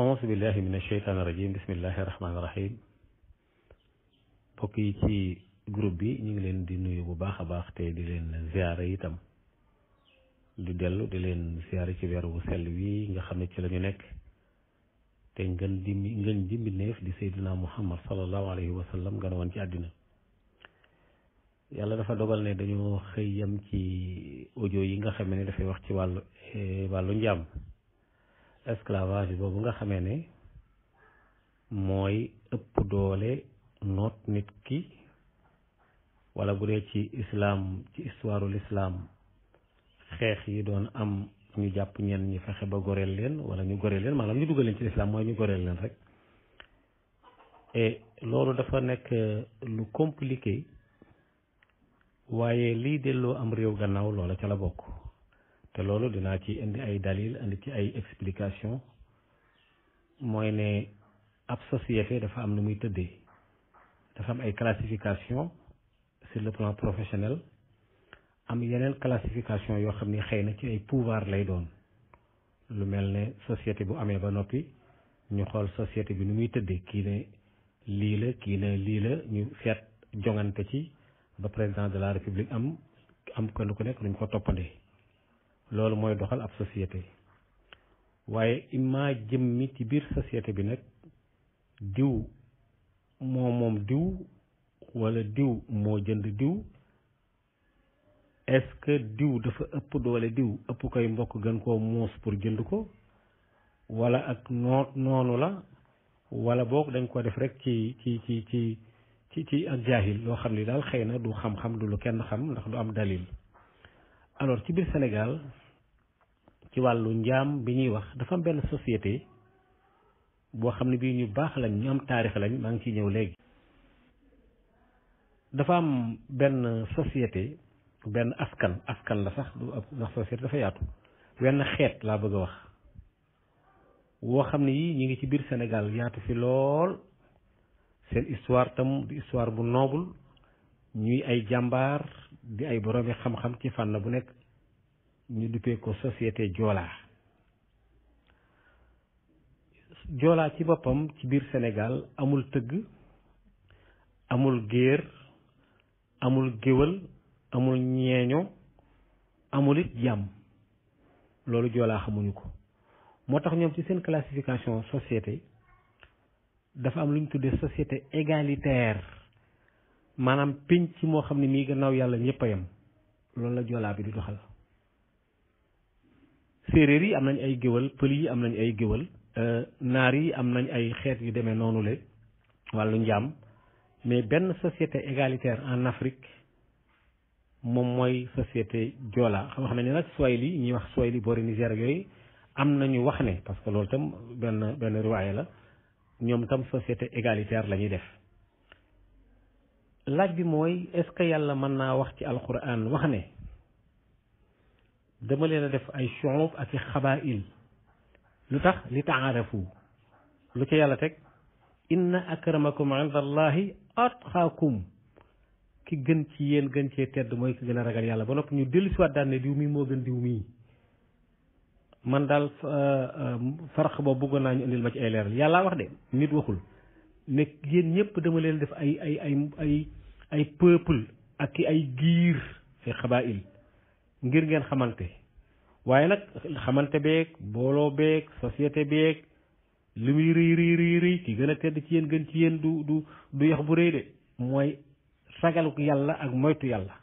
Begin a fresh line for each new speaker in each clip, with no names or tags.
auzu billahi min asheytaani rajim bismillahi rahmaani rahim mbokk yi ci group bi ñu ngi leen di nuyu bu baax a baax te di leen ziare itam di dellu di leen ziare ci weer wu sell wi nga xam ne ci la ñu nekk te ngën di ngën di mbindeef di sayduna muhammad salallahu alayhi wa sallam gën a woon ci àddina yàlla dafa dogal ne dañoo xëy yam ci audio yi nga xam ne dafay wax ci wàllu eh, wàllu njaam esclavage boobu nga xamee ne mooy ëpp doole noot nit ki wala bu dee ci islaam ci histoire l'islam xeex yi doon am ñu jàpp ñenn ñi fexe ba goreel leen wala ñu goreel leen maanaam ñu dugal leen ci lislaam mooy ñu goreel leen rek et loolu dafa nekk euh, lu compliqué waaye lii delloo am réew gannaaw loola ca la bokk te loolu dinaa ci indi ay dalil indi ci ay explication mooy ne ab société dafa am lu muy tëddee dafa am ay classification sur le plan professionnel am yeneen classification yoo xam ni xëy na ci ay pouvoir lay doon lu mel ne société bu amee ba noppi ñu xool société bi nu muy tëddee kii ne lii la kii ne lii la ñu seet jongante ci ba président de la république am am ko lu ko nekk lu ñu ko toppandee loolu mooy doxal ab société waaye imma jëm mi ci biir société bi nag diw moo moom diw walla diw moo jënd diw est diw dafa ëpp doole diw ëpp koy mbokk gën koo muus pour jënd ko walla ak noonu la walla boog dañ ko def rek ci ci ci ci ci ci ak jaahil loo xam ni daal xëy na du xam-xam du lu kenn xam ndax du am dalil alors ci biir senegal ci wàllu njaam bi ñuy wax dafa am benn société boo xam ne bii ñu baax lañ ñu am taarix lañ maa ngi ciy ñëw léegi. dafa am benn société benn askan askan la sax du ab ndax société dafa yaatu wenn xeet laa bëgg a wax woo xam ne yi ñu ngi ci biir Sénégal yaatu fi lool seen histoire tam histoire bu noble ñuy ay jàmbaar di ay boroomi xam-xam ci fànn bu nekk. ñu duppee ko société joolaa joolaa ci boppam ci biir Sénégal amul tëgg amul géer amul géwël amul ñeeño amul it yàmm loolu joolaa xamuñu ko moo tax ñoom ci seen classification société dafa am lu ñu tuddee société égalitaire maanaam pénc moo xam ne mii gannaaw yàlla ñëpp yem loolu la joolaa bi di doxal séeréer yi am nañ ay géwal pël yi am nañu ay géwal euh, naar yi am nañ ay xeet yu demee noonu le wàllu njaam mais benn société égalitaire en Afrique moom mooy société joola xam xam ne nag swahili ñuy wax swahili boori Niger yooyu am nañu wax ne parce que loolu tam benn benn riwaaya la ñoom tam société égalitaire lañuy def laaj bi mooy est-ce que yàlla mën naa wax ci alxuraan wax ne dama leen a def ay shu'ub ak i xabaa'il lu tax li taarafu lu ci yàlla teg inna akramakum inda allahi atqaakum ki gën ci yéen gën cee tedd mooy ki gën a ragal yàlla ba noppi ñu dellu si waat daan ne diw moo gën diw mii man daal euh, euh, farq boobu bëggoon naa ñu indil ma ci ay leeral yàlla wax de nit waxul ne yéen ñëpp dama leen def ay ay ay ay ak i ay giir fi xabaa'il ngir ngeen xamante waaye nag xamante beeg booloo beeg société beeg li muy rëy rëy rëy rëy ki gën a tedd ci yéen gën ci yéen du du du yax bu rëy de mooy ragal yàlla ak moytu yàlla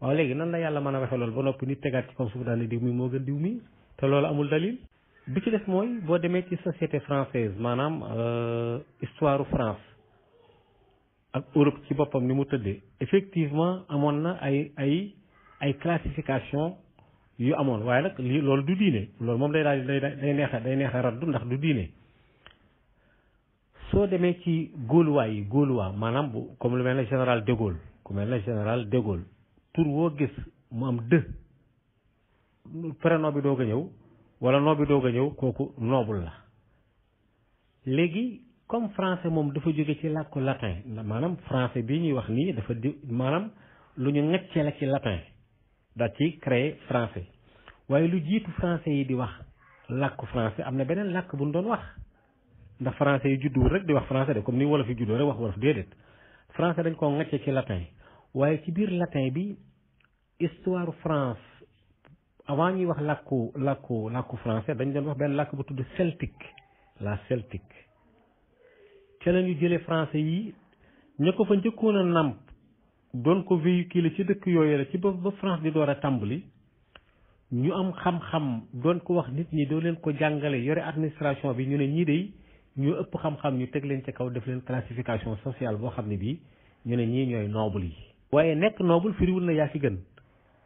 waaw léegi nan la yàlla mën a waxe loolu ba noppi nit tegaat ci comme suuf daal ni diw mi moo gën diw mi te loolu amul dalil bi ci def mooy boo demee ci société française maanaam euh, histoire France ak Europe ci boppam ni mu tëddee effectivement amoon na ay ay ay classification yu amoon waaye nag loolu du diine loolu moom day daal day day neexa day neexa raddu ndax du diine soo demee ci góoluwaay yi góoluwaa maanaam bu comme lu mel ne général de ku mel ne général de pour woo gis mu am dë prénom bi doog a ñëw wala nom bi doog a ñëw kooku noble la léegi comme francais moom dafa jóge ci làkku latin maanaam français bi ñuy wax nii dafa di maanaam lu ñu ŋaccee la ci latin daal ci créé waaye lu jiitu français yi di wax làkku français am na beneen làkk bu ñu doon wax ndax français yi judduwul rek di wax français de comme ni wolof yi juddoo rek wax wolof déedéet français dañ koo ŋàcce ci latin waaye ci biir latin bi histoire France avant ñuy wax làkku làkku làkku français dañ doon wax benn làkk bu tudd celtique la celtique ca la ñu jëlee français yi ña ko fa njëkkoon a doon ko la ci dëkk yooyu la ci ba ba France di door a tàmbali ñu am xam-xam doon ko wax nit ñi doo leen ko jàngale yore administration bi ñu ne ñii dey ñu ëpp xam-xam ñu teg leen ci kaw def leen classification sociale boo xam ne bii ñu ne ñii ñooy noble yi. waaye nekk noble firiwul na yaa ci gën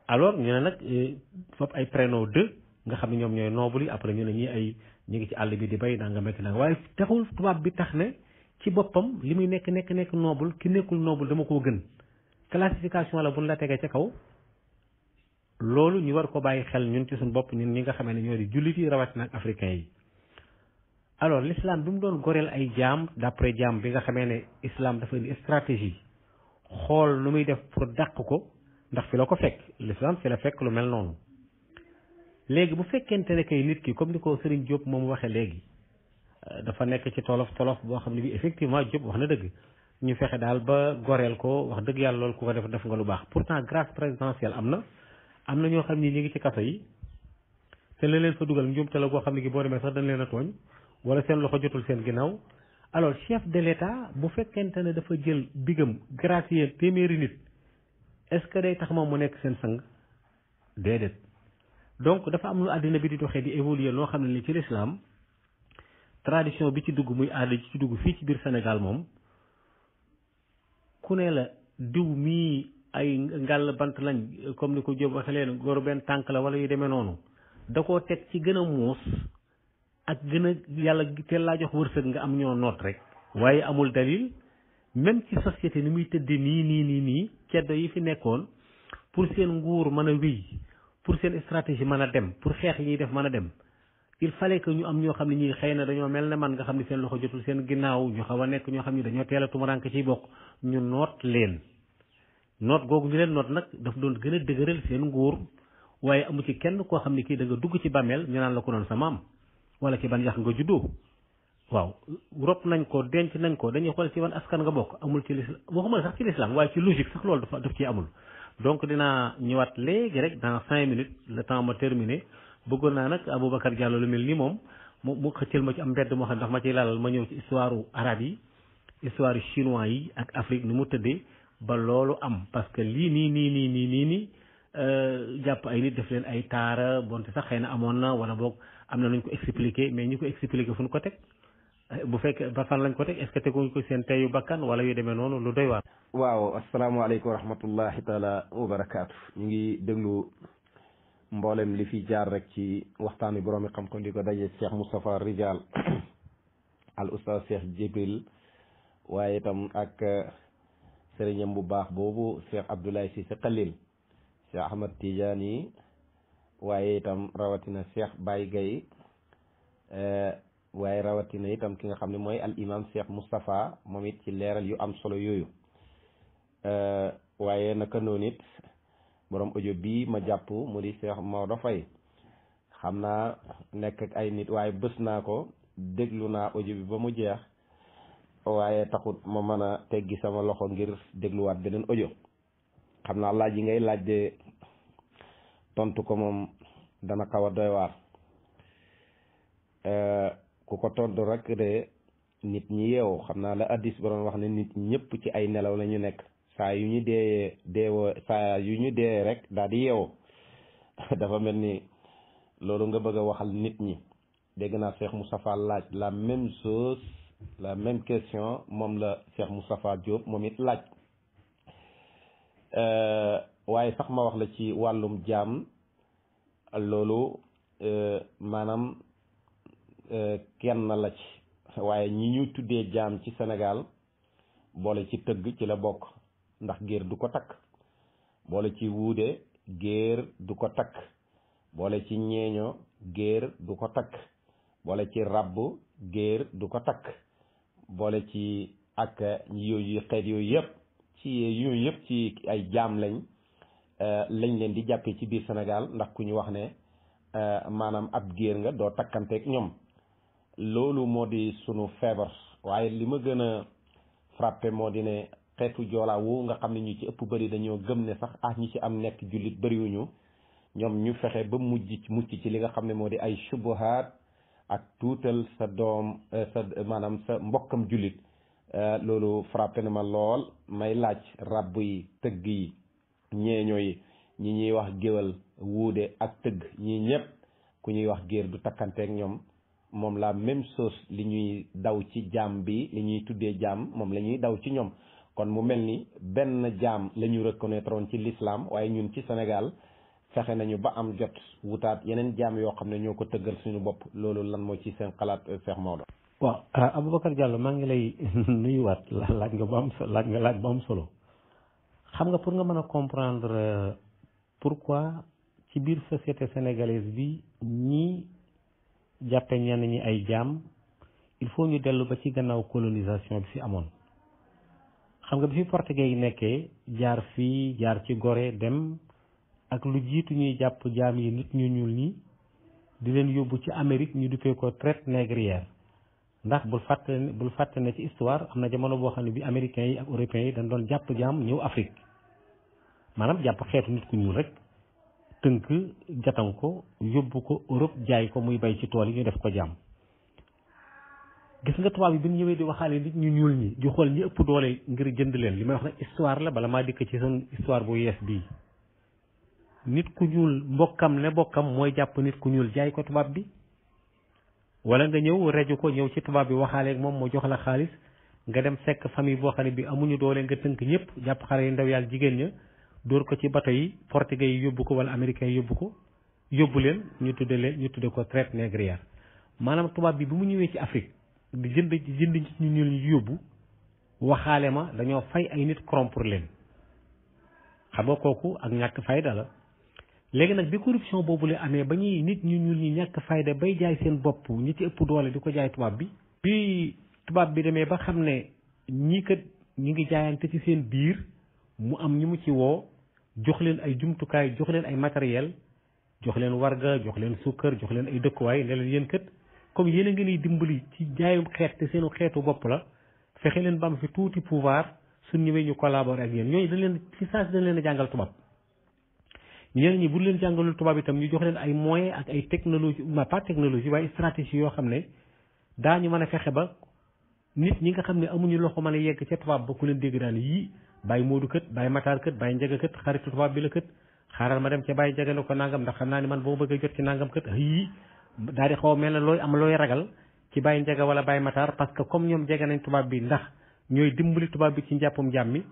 alors ñu ne nag eh, fop ay prénom de nga xam ne ñoom ñooy noble yi après ñu ne ñii ay ñu ngi ci àll bi di bay naa nga métti naa waaye taxul tubaab bi tax ne ci boppam li muy nekk nekk nekk noble ki nekkul noble dama koo gën. classification la buñ la tegee ca kaw loolu ñu war ko bàyyi xel ñun ci suñ bopp ñun ñi nga xamee ne ñoo di jullit yi rawat ak africain yi alors l'islam bi mu doon goreel ay jaam d'après jaam bi nga xamee ne islaam dafa indi stratégie xool nu muy def pour dàq ko ndax fi la ko fekk l'islam fi la fekk lu mel noonu léegi bu fekkente ne kay nit ki comme ni ko Serigne Diop moom waxee léegi euh, dafa nekk ci tolof tolof boo xam ne bi effectivement Diop wax na dëgg ñu fexe daal ba goreel ko wax dëgg yàlla loolu ku ko def def nga lu baax pourtant grâce présidentielle am na am na ñoo xam ni ñu ngi ci kaso yi te la leen fa dugal njuumte la goo xam ne gi boo demee sax dañ leen a tooñ wala seen loxo jotul seen ginnaaw alors chef de l'état bu fekkente ne dafa jël bigam gracier téeméeri nit est-ce que day tax moom mu nekk seen sang déedéet donc dafa am lu àddina bi di doxee di évoluer loo xam ne ni ci l'islam tradition bi ci dugg muy aada ji ci dugg fii ci biir Sénégal moom ku ne la diw mii ay ngàll bant lañ comme ni ko Jóob waxe leen góor benn tànk la wala yu demee noonu da koo teg ci gën a muus ak gën a yàlla teel laa jox wërsëg nga am ñoo noot rek waaye amul dalil même ci société ni muy tëdde nii nii nii nii ceddo yi fi nekkoon pour seen nguur mën a wéy pour seen stratégie mën a dem pour xeex yi ñuy def mën a dem il fallait que ñu am ñoo xam ne ñuy xëy na dañoo mel ne man nga xam ne seen loxo jotul seen ginnaaw ñu xaw a nekk ñoo xam ne dañoo teel a tumuranke bokk ñu noot leen noot googu ñu leen noot nag daf doon gën a dëgëral seen nguur waaye amu ci kenn koo xam ne kii da nga dugg ci bàmmeel ñu naan la ko doon sa maam wala ci ban yax nga juddoo waaw rob nañ ko denc nañ ko dañuy xool ci ban askan nga bokk amul ci lislam waxuma sax ci lislam waaye ci logique sax loolu dafa daf ciy amul donc dinaa ñëwaat léegi rek dans cinq minutes le temps ma terminé bëggoon naa nag Aboubacar Diallo lu mel ni moom mu mu xëccal ma ci am mbedd moo xam ndax ma ciy laal ma ñëw ci histoire arabe yi histoire chinois yi ak Afrique nu mu tëddee ba loolu am parce que lii nii nii nii nii nii nii euh, jàpp ay nit def leen ay taara bonte sax xëy na amoon na wala boog am na lu ko expliqué mais ñu ko expliqué fu ñu ko teg euh, bu fekkee ba fan lañ ko teg est ce que teguñ ko seen teyu bakkan wala yu demee noonu lu doy waar. waaw asalaamaaleykum wa rahmatullahi taala wa barakaatu ngi déglu.
mboolem li fi jaar rek ci waxtaan wi boroomi xam-xam di ko daje Cheikh Moustapha Rijal al oustaz Cheikh Jibril waaye itam ak eh, sëriñam bu baax boobu Cheikh Abdoulaye Cissé Khalil Cheikh Ahmad Tidiane waaye itam rawatina Cheikh Baye Gaye eh, waaye rawatina itam ki nga xam ne mooy al imam Cheikh Moustapha moom it ci leeral yu am solo yooyu eh, waaye naka noonu borom audio bii ma jàpp mu di Cheikh Maodo Faye xam naa nekk ay nit waaye bës naa ko déglu naa audio bi ba mu jeex waaye taxut ma mën a teggi sama loxo ngir dégluwaat beneen audio xam naa laaj yi ngay laaj de tontu ko moom dana xaw a doy waar euh, ku ko ñi yeewu xam naa la addis ba wax ne nit ñëpp ci ay nelaw lañu nekk saa yu ñu deeyee deewoo saa yu ñu deeyee rek daal di yeewoo dafa mel ni loolu nga bëgg a waxal nit ñi dégg naa Cheikh Moustapha laaj la même chose la même question moom la Cheikh Moustapha Diop moom it laaj euh, waaye sax ma wax la ci wàllum jaam loolu euh, maanaam euh, kenn la ci waaye ñi ñu tuddee jaam ci senegal boole ci tëgg ci la bokk ndax géer du ko takk boole ci wuude géer du ko takk boole ci ñeeño géer du ko takk boole ci ràbb géer du ko takk boole ci ak yooyu xeet yooyu yëpp ci yooyu yëpp ci ay jaam lañ euh, lañ leen di jàppee ci biir Sénégal ndax ku ñu wax ne euh, maanaam ab géer nga doo takkanteeg ñoom loolu moo di sunu feebar waaye li ma gën a frappé moo di ne xeetu joolaa woowu nga xam ne ñu ci ëpp bëri dañoo gëm ne sax ah ñi ci am nekk jullit bëriwuñu ñoom ñu fexe ba mujj mucc ci li nga xam ne moo di ay subuhaat ak tuutal sa doom euh, sa maanaam sa mbokkam jullit euh, loolu frappé na ma lool may laaj ràbb yi tëgg yi ñeeño yi ñi ñuy wax géwal wuude ak tëgg ñi ñëpp ku ñuy wax géer du takkanteeg ñoom moom la même chose li ñuy daw ci jaam bi li ñuy tuddee jaam moom la ñuy daw ci ñoom kon mu mel ni benn jaam la ñu reconnaître woon ci lislaam waaye ñun ci Sénégal fexe nañu ba am jot wutaat yeneen jaam yoo xam ne ñoo ko tëggal suñu bopp loolu lan moo ci seen xalaat euh,
Cheikh Maodo. waaw euh, Aboubacar Diallo maa ngi lay nuyuwaat laaj nga ba am laaj nga laaj ba am solo xam nga pour nga mën a comprendre euh, pourquoi ci biir société sénégalaise bi ñii jàppe ñenn ñi ay jaam il faut ñu dellu ba ci gannaaw colonisation bi fi amoon. xam nga bi fi portugais yi nekkee jaar fii jaar ci Gorée dem ak lu jiitu ñuy jàpp jaam yi nit ñu ñuul nii di leen yóbbu ci Amérique ñu duppee ko traite négrière ndax bul fàtte bul fàtte ne ci histoire am na jamono boo xam ne bi américains yi ak européens yi dañ doon jàpp jaam ñëw Afrique maanaam jàpp xeetu nit ku ñuul rek tënk jatan ko yóbbu ko Europe jaay ko muy bay ci tool yi ñu def ko jaam gis nga tubaab yi bi ñu ñëwee di waxaale nit ñu ñuul ñi di xool ñi ëpp doole ngir jënd leen li may wax nag histoire la bala maa dikk ci seen histoire bu yees bii nit ku ñuul mbokkam ne mbokkam mooy jàpp nit ku ñuul jaay ko tubaab bi wala nga ñëw reju ko ñëw ci tubaab bi waxaaleeg moom moo jox la xaalis nga dem fekk famille boo xam ne bi amuñu doole nga tënk ñëpp jàpp xale yu ndaw yàlla jigéen ña dóor ko ci bato yi portugais yi yóbbu ko wala américains yóbbu ko yóbbu leen ñu tudde leen ñu tudde ko traite négrière maanaam tubaab bi bi ñëwee ci Afrique di jënd jënd ci ñu ñuul ñu yóbbu waxaale ma dañoo fay ay nit corrompre leen xam nga kooku ak ñàkk fayda la léegi nag bi corruption boobu la amee ba ñuy nit ñu ñuul ñi ñàkk fayda bay jaay seen bopp ñi ci ëpp doole di ko jaay tubaab bi bi tubaab bi demee ba xam ne ñii kat ñu ngi jaayante ci seen biir mu am ñu mu ci woo jox leen ay jumtukaay jox leen ay matériel jox leen warga jox leen sukkar jox leen ay dëkkuwaay ne leen yéen kat comme yéen a ngi nuy dimbali ci jaayum xeet te seenu xeetu bopp la fexe leen ba am fi tuuti pouvoir suñ ñëwee ñu collaborer ak yéen ñooñu dañ leen ci saa si dañ leen a jàngal tubaab ñeneen ñi bu leen jàngalul tubaab itam ñu jox leen ay moyens ak ay technologie ma pas technologie waaye stratégie yoo xam ne daa ñu mën a fexe ba nit ñi nga xam ne amuñu loxo mën a yegg ca tubaab ba ku leen dégg daan yii baay moodu kët bàyyi mataar kët bàyyi njaga kët xaritu tubaab bi la kët xaaral ma dem ca bàyyi jaga ne ko nangam ndax xam naa ni man boo bëgg a ci nangam kët yii daal di xaw a mel na looy am looy ragal ci bàyyi Ndiaga wala bàyyi Matar parce que comme ñoom jege nañ tubaab bi ndax ñooy dimbali tubaab bi ci njàppum jàmm mi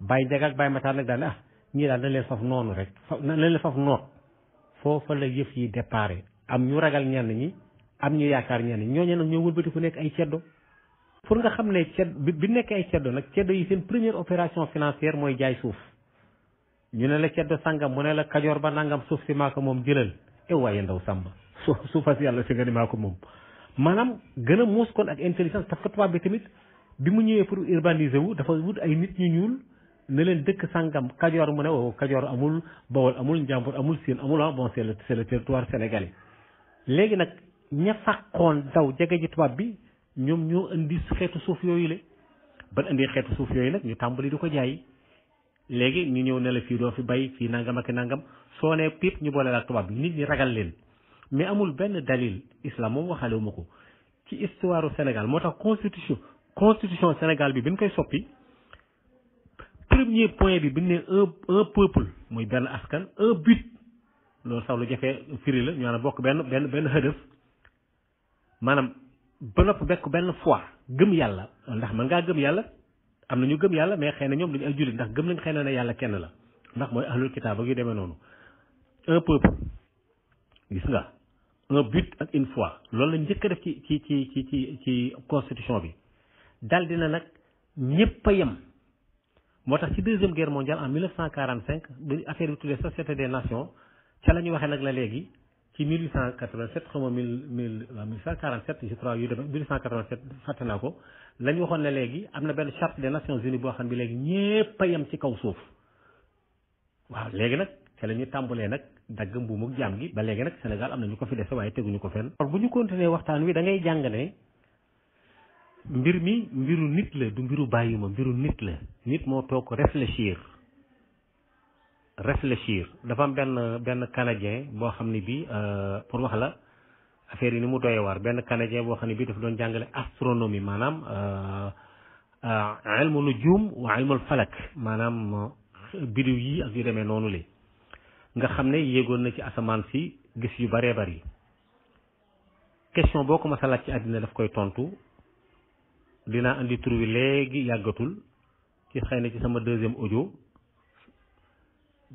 Baye Ndiaga ak Baye Matar nag daal ne ah ñii daal nañ leen faf noonu rek fa nañ leen faf noot foofa la yëf yi déparé am ñu ragal ñenn ñi am ñu yaakaar ñenn ñi ñooñu nag ñoo wëlbati ku nekk ay ceddo pour nga xam ne cedd bi nekkee ay ceddo nag ceddo yi seen première opération financière mooy jaay suuf ñu ne la ceddo sàngam mu ne la kajoor ba nangam suuf si maa moom jëlal ew eh ndaw sàmba suuf suuf fas yàlla si nga ni maa ko moom maanaam gën a muus kon ak intelligence parce que tubaab bi tamit bi mu ñëwee pour urbaniser wu dafa wut ay nit ñu ñuul ne leen dëkk sàngam kajoor mu ne woo kajoor amul bawol amul njàmbur amul siin amul ah bon c'est le c'est le territoire léegi nag ña fàqoon daw jege ji tubaab bi ñoom ñoo indi xeetu suuf yooyu le ban indi xeetu suuf yooyu nag ñu tàmbali di ko jaay léegi ñu ñëw ne la fii doo fi bay fii nangam ak nangam soo nee piip ñu boole la tubaab bi nit ñi ragal leen mais amul benn dalil islam moom waxaale wu ma ko ci histoire Sénégal moo tax constitution constitution Sénégal bi bi ñu koy soppi premier point bi bi ñu nee un un peuple muy benn askan un but loolu sax lu jafee firi la ñu naan bokk benn benn benn hëdëf maanaam ba nopp bekk benn foi gëm yàlla ndax man ngaa gëm yàlla am na ñu gëm yàlla mais xëy na ñoom dañu ay jullit ndax gëm nañ xëy na yàlla kenn la ndax mooy ahlul kitaab ak yu demee noonu un peuple un but ak une foi loolu la njëkk a def ci ci ci ci ci ci constitution bi dal dina nag ñëpp a yem moo tax ci deuxième guerre mondiale en 1945 ba affaire bi tuddee société des nations ca la ñu waxee nag la léegi ci 1887 xaw ma 1847 je crois yu demee 1887 fàtte naa ko la ñu waxoon ne léegi am na benn charte des nations unies boo xam ne léegi ñëpp a yem ci kaw suuf waaw léegi nag. te la ñu tàmbalee nag dagg mbuumuk jaam gi ba léegi nag Sénégal am na ñu ko fi dese waaye ñu ko fenn. kon bu ñu continuer waxtaan wi da ngay jàng ne mbir mi mbiru nit la du mbiru bàyyi ma mbiru nit la nit moo toog réfléchir réfléchir dafa am benn benn canadien boo xam ne bii euh, pour wax la affaire yi ni mu doyee waar benn canadien boo xam ne bii dafa doon jàngale astronomie maanaam euh, euh, ilmu nujum wa ilmul falak maanaam bidiw yii ak yu demee noonu li nga xam ne yéegoon na ci asamaan si gis yu baree bari question boo ko mas a laaj ci àddina daf koy tontu dinaa indi tur wi léegi yàggatul ci xëy na ci sama deuxième audio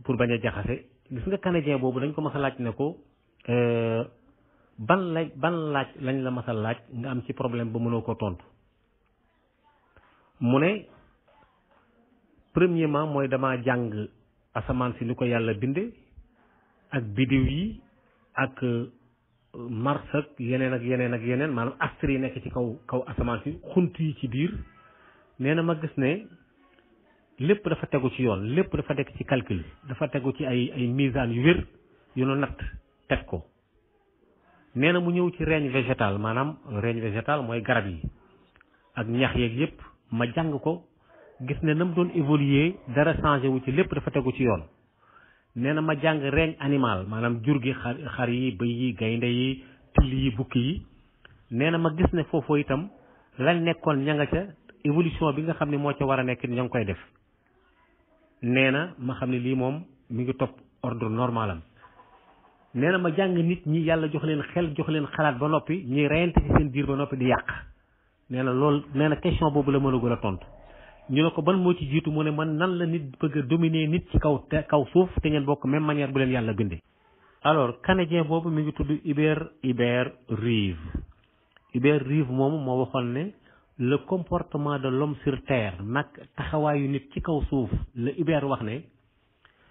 pour bañ a jaxase gis nga canadien boobu dañ ko mas a laaj ne ko euh, ban laaj ban laaj lañ la mas a laaj nga am ci problème ba mënoo ko tontu mu ne premièrement mooy damaa jàng asamaan si ni ko yàlla binde ak biddiw yi ak euh, mars ak yeneen ak yeneen ak yeneen maanaam astre yi nekk ci kaw kaw asamaan si xunt yi ci biir nee na ma gis ne lépp dafa tegu ci yoon lépp dafa nekk ci calcul dafa tegu ci ay ay misaan yu wér yu nu natt teg ko nee na mu ñëw ci règne végétal maanaam règne végétal mooy garab yi ak ñax yeeg yépp ma jàng ko gis ne na mu doon évoluer dara changé wu ci lépp dafa tegu ci yoon nee na ma jàng règne animal maanaam jur gi xar xar yi bëy yi gaynde yi till yi bukki yi nee na ma gis ne foofu itam lañ nekkoon ña nga ca évolution bi nga xam ne moo ca war a nekk ña ngi koy def nee na ma xam ne lii moom mi ngi topp ordre normal am nee na ma jàng nit ñi yàlla jox leen xel jox leen xalaat ba noppi ñuy reyante ci seen biir ba noppi di yàq nee na loolu nee na question boobu la mënagul a tontu. ñu ne ko ban moo ci jiitu mu ne man nan la nit bëgg a nit ci kaw kaw suuf te ngeen bokk même manière bu leen yàlla bindee. alors canadien boobu mu ngi tudd Hubert Hubert rive Hubert rive moomu moo waxoon ne le comportement de l'homme sur terre nag taxawaayu nit ci kaw suuf la Hubert wax ne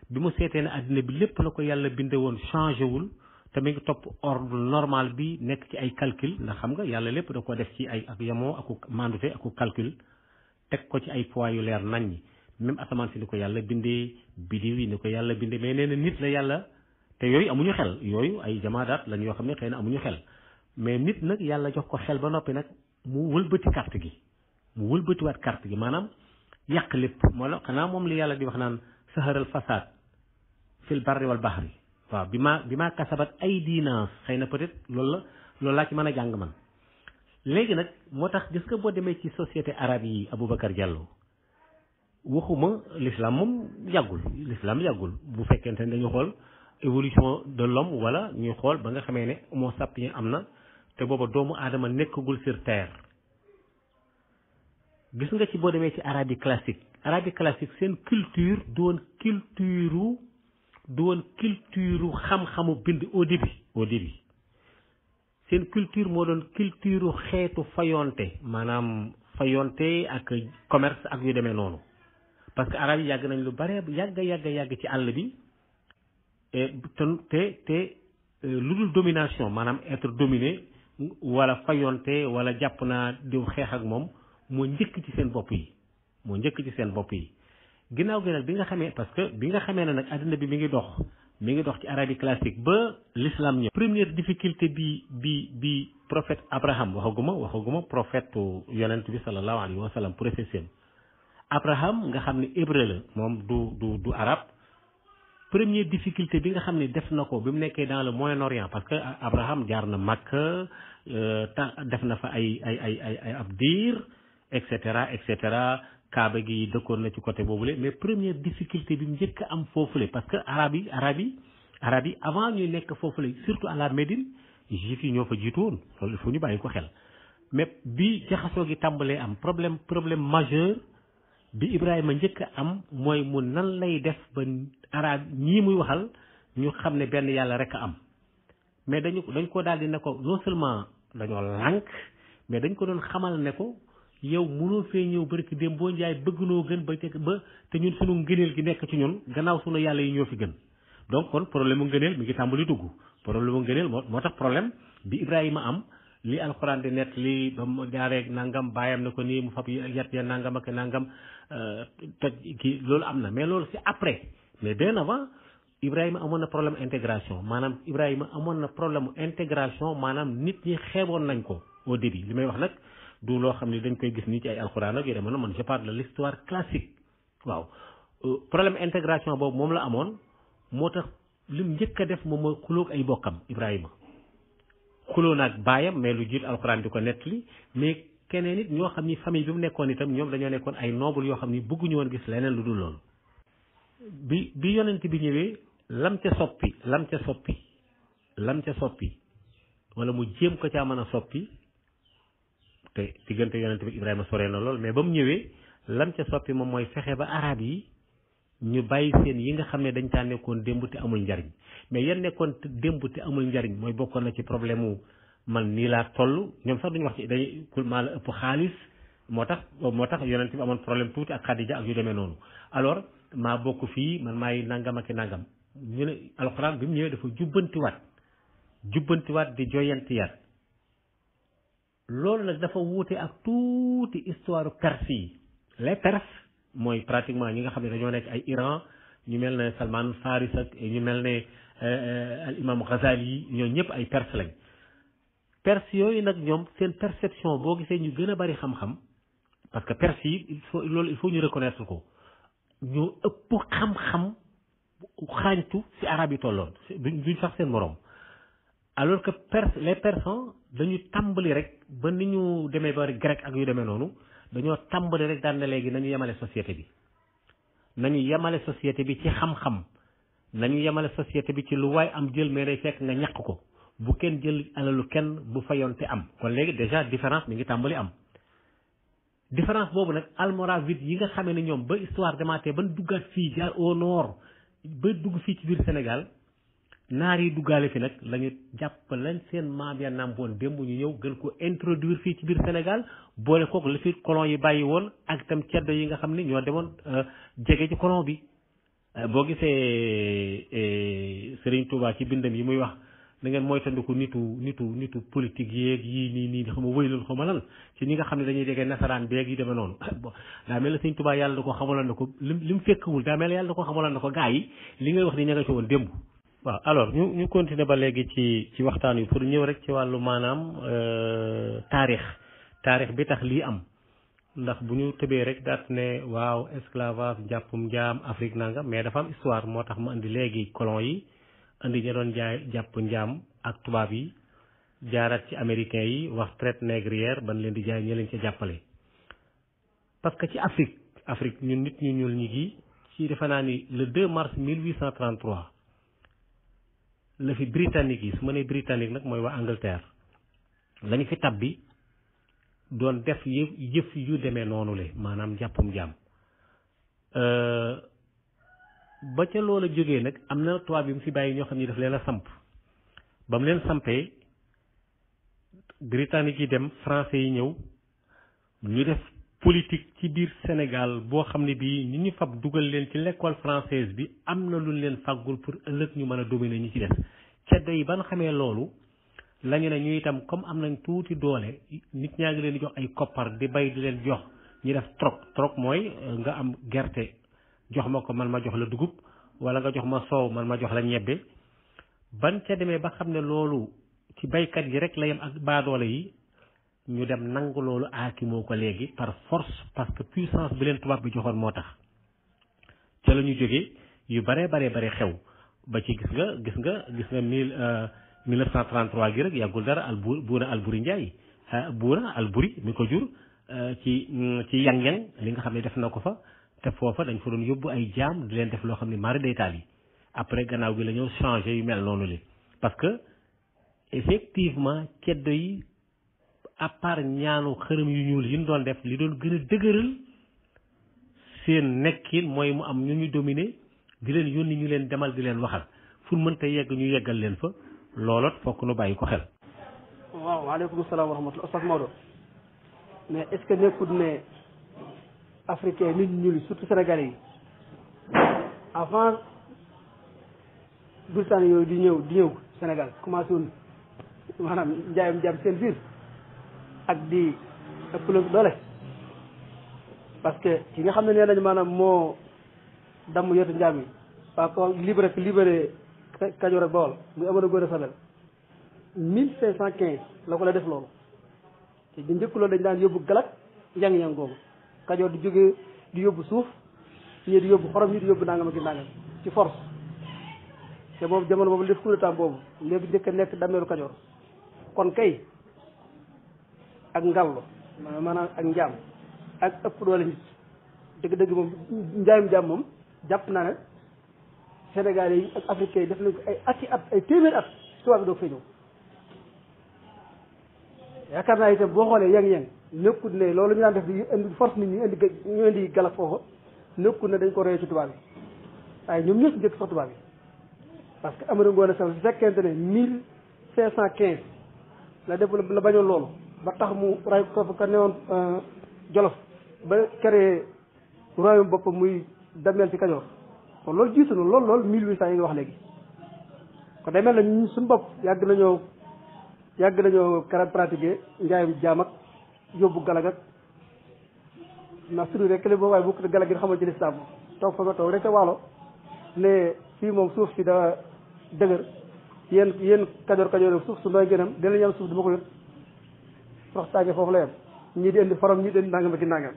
bi mu seetee ne àddina bi lépp la ko yàlla binde woon changé wul te mi ngi topp ordre normal bi nekk ci ay calcul ndax xam nga yàlla lépp da ko def ci ay ak yamoo aku mandute aku calcul teg ko ci ay poids yu leer naññ même asamaan si ni ko yàlla bindee bidiw yi ni ko yàlla bindee mais nee na nit la yàlla te yooyu amuñu xel yooyu ay jamaadaat lañ yoo xam ne xëy na amuñu xel mais nit nag yàlla jox ko xel ba noppi nag mu wëlbati carte gi mu wëlbatiwaat carte gi maanaam yàq lépp moo la xanaa moom li yàlla di wax naan saharal fasaad fil barri wal bahri waaw bi maa bi maa kasabat ay diinaas xëy na peut-être loolu la loolu laa ci mën a jàng man léegi nag moo tax gis nga boo demee ci société arabe yi abu Aboubacar Diallo waxuma l'islam moom yàggul l'islam yàggul bu fekkente ni dañu xool évolution de l'homme wala ñuy xool ba nga xamee ne homo sapiens am na te booba doomu aadama nekkagul sur terre gis nga ci boo demee ci arabie classique arabie classique seen culture du woon culture du woon culture xam-xamu bind au début au début seen culture moo doon culture xeetu fayonte maanaam fayonte ak commerce ak yu demee noonu parce que arab yàgg nañ lu bare yàgg yàgg yàgg ci àll bi te te euh, lu dul domination maanaam être dominé wala fayonte wala jàpp naa diw xeex ak moom moo njëkk ci seen bopp yi moo njëkk ci seen bopp yi ginnaaw gi nag bi nga xamee parce que bi nga xamee ne nag àddina bi mi ngi dox mi ngi dox ci arabie classique ba l'islam ñëw première difficulté bi bi bi prophète abraham waxaguma waxaguma prophète yonent bi sallallahu alayhi wa sallam prophétie abraham nga xam ni hébreu la moom du du du arabe première difficulté bi nga xam ne def na ko bi mu nekkee dans le Moyen-Orient parce que abraham jaar na Makka euh, ta def na fa ay ay ay ay ab diir et cetera et cetera kaaba gi dëkkoon na ci côté boobule mais première difficulté bi njëkk am foofule parce que arab yi arab yi arab yi avant ñu nekk foofule surtout à la Médine juifs yi ñoo fa jiitu woon loolu ñu bàyyi ko xel mais bi jaxasoo gi tàmbalee am problème problème majeur bi Ibrahima njëkk am mooy mu nan lay def ba arab ñii muy waxal ñu xam ne benn yàlla rek a am mais dañu dañ ko daal di ne ko non seulement dañoo lànk mais dañ ko doon xamal ne ko yow mënoo fee ñëw barki dem boo njaay bëgg noo gën ba te ba te ñun sunu ngëneel gi nekk ci ñun gannaaw sunu yàlla yi ñoo fi gën donc kon problème mu ngëneel mi ngi tàmbali dugg problème mu ngëneel moo moo tax problème bi Ibrahima am li alxuraan li ba mu jaareeg nangam bàyyam na ko nii mu fab yat ya nangam ak nangam euh, toj kii loolu am na mais loolu après mais bien avant Ibrahima amoon na problème intégration maanaam Ibrahima amoon na problème intégration maanaam nit ñi xeeboon nañ ko au début li may wax nag. du loo xam ne dañ koy gis nii ci ay alxuraan ak yu demee man je parle de l'histoire classique waaw euh, problème intégration boobu moom la amoon moo tax lim njëkk a def moom mooy xulóog ay bokkam Ibrahima xuloo naag baayam mais lu jiit alxuraan di ko nettali mais keneen nit ñoo xam ni famille bi mu nekkoon itam ñoom dañoo nekkoon ay noble yoo xam ni bëgguñu woon gis leneen lu dul loolu bi bi yonent bi ñëwee lam ca soppi lam ca soppi lam ca soppi wala mu jéem ko caa mën a soppi te diggante yonent bi Ibrahima sore na lool mais ba mu ñëwee lam ca soppi moom mooy fexe ba araab yi ñu bàyyi seen yi nga xam ne dañ caa nekkoon démb te amul njariñ mais yan nekkoon démb te amul njariñ mooy bokkoon na ci problème mu man nii laa toll ñoom sax duñu wax ci dañuy maa la ëpp xaalis moo tax moo tax yonent bi amoon problème tuuti ak Xadija ak yu demee noonu alors maa bokk fii man maay nangam ak i nangam ñu ne alxuraan bi mu ñëwee dafa jubbantiwaat di joyanti loolu nag dafa wuute ak tuuti histoire perse yi les perses mooy pratiquement ñi nga xam ne dañoo nekk ay Iran ñu mel ne Salman Faris ak ñu mel ne euh, euh, al imam Ghazali yi ñoo ñëpp ay perse lañ perse yooyu nag ñoom seen perception boo gisee ñu gën a bari xam-xam parce que perse yi il faut loolu il faut ñu reconnaître ko ñu ëpp xam-xam xaañtu ci arab yi tolloon duñ sax seen moroom alors que pers les persans dañu tàmbali rek ba ni ñu demee ba grec ak yu demee noonu dañoo tàmbali rek daan na léegi nañu yemale société bi nañu yemale société bi ci xam-xam nañu yemale société bi ci lu waay am jël mais day fekk nga ñàkk ko bu kenn jël alalu kenn bu fayonte am kon léegi déjà différence mi ngi tàmbali am différence boobu nag almoravide yi nga xamee ne ñoom ba histoire demaatee ban duggaat fii jaar au nord ba dugg fii ci biir Sénégal naar yi duggaale fi nag la ñu jàpp lañ seen maam ya nàmpoon démb ñu ñëw gën ko introduire fii ci biir Sénégal boole kook la fi colon yi bàyyi woon ak tam ceddo yi nga xam ne ñoo demoon euh, jege ci colon bi euh, boo gisee euh, Serigne Touba ci bindam yi muy wax da ngeen moytandiku nitu nitu nitu politique yeeg yii nii nii xam nga wéyloon xam lan ci ñi nga xam ne dañuy jege nasaraan beeg yi demee noonu bon daa mel ne Serigne Touba yàlla da ko xamaloon na ko li mu fekkawul daa mel ne yàlla da ko xamaloon na ko gars yi li ngay wax ni ña nga ci waaw alors ñu ñu continuer ba léegi ci ci waxtaan wi pour ñëw rek ci wàllu maanaam euh, taarix taarix bi tax lii am ndax bu ñu tëbee rek daat ne waaw esclavage jàppum njaam Afrique nangam mais dafa am histoire moo tax mu andi léegi colon yi andi ña doon jaay jàpp njaam ak tubaab yi jaaraat ci américains yi wax traite négrière ban leen di jaay ñi leen ca jàppale parce que ci Afrique Afrique ñun nit ñu ñuul ñi gi ci defe naa ni le 2 mars 1833 la fi britannique yi su ma nee britannique nag mooy waa Angleterre lañu fi tab bi doon def yëf yëf yu demee noonu le maanaam jàppum jaam euh, ba ca loola jógee nag am na tubaab yu mu si bàyyi ñoo xam ne daf leen a samp ba mu leen sampee britannique yi dem français yi ñëw ñu def politique ci biir Sénégal boo xam ne bii ñi ñu fab dugal leen ci l'école française bi am na luñ leen fàggul pour ëllëg ñu mën a dominer ñu ci des ceddo yi ban xamee loolu lañu ñu ne ñu itam comme am nañ tuuti doole nit ñaa ngi leen di jox ay koppar di bay di leen jox ñu def troc troc mooy euh, nga am gerte jox ma ko man ma jox la dugub wala nga jox ma soow man ma jox la ñebbe ban ca demee ba xam ne loolu ci baykat yi rek la yem ak baadoole yi ñu dem nangu loolu aakimoo ko léegi par force parce que puissance bi leen tubaab bi joxoon moo tax ca la ñu jógee yu baree baree bare xew ba ci gis nga gis nga gis nga mille euh, mille neuf cent trente-trois gi rek yàggul dara al bu buura Alburi Njaay euh, buura Alburi mi ko jur euh, ci mm, ci yang-yang li nga xam ne def na ko fa te foofa dañ fa doon yóbbu ay jaam di leen def loo xam ne mari daytaal yi après gannaaw gi la ñëw changé yu mel noonu li parce que effectivement à part ñaanu xërëm yu ñuul yi ñu doon def li doon gën a dëgëral seen nekkin mooy mu am ñu ñu dominer di leen yónni ñu leen demal di leen waxal fu mënta yegg ñu yeggal leen fa looloot fokk nu bàyyi ko xel.
waaw waaleykum salaam wa rahmatulah Oustaz Maodo mais est-ce que nekkut avant bulletin di ñëw di ñëw Sénégal commencé woon maanaam njaayam jaam seen biir. ak di ëpp la doole parce que ki nga xam ne nee nañ maanaam moo damm yotu njaam yi waa ko libéré fi libéré Kajoor ak Bawol muy Amadou Gora Sabel mille cinq cent quinze la ko la def loolu te di njëkk loolu dañ daan yóbbu galak yang-yang googu Kajoor di jógee di yóbbu suuf ñii di yóbbu xorom ñii di yóbbu nangam ak nangam ci force te boobu jamono boobu lépp coup d'état boobu léegi njëkk nekk dameeru Kajoor kon kay ak ngallu maanaam ak njaam ak ëpp doole nit dëgg-dëgg moom moom jàpp naa ne Sénégalais yi ak africains yi def nañ ko ay ati at ay téeméer at tubaab bi doog fee ñëw yaakaar naa itam boo xoolee yang-yang nekkut ne loolu ñu daan def di indi force nit ñi indi ñu indi galak foofu nekkut ne dañ ko royee ci yi waaye ñoom ñoo ci njëkk sax yi parce que Amadou Ngoone Sall su fekkente ne mille cinq cent quinze la def la bañoon loolu ba tax mu ray ko ka newoon euh, jolof ba créé royaume boppam muy dameel ci Kajoor kon loolu jiitu na lool lool mille huit cent yi nga wax léegi kon day mel ne suñu bopp yàgg nañoo yàgg nañoo kara pratiquer njaayum jaam ak yóbbu galagat ak ndax suñu rek li boo waaye bukk galag gi xamal ci lislaam toog fa nga toog rek te waalo ne fii moom suuf si da dëgër yéen yéen Kajoor Kajoor suuf su nooy gënam dinañu am suuf dama ko yot waxtaan bi foofu la yem ñii di indi forom ñii di indi nangam ak i nangam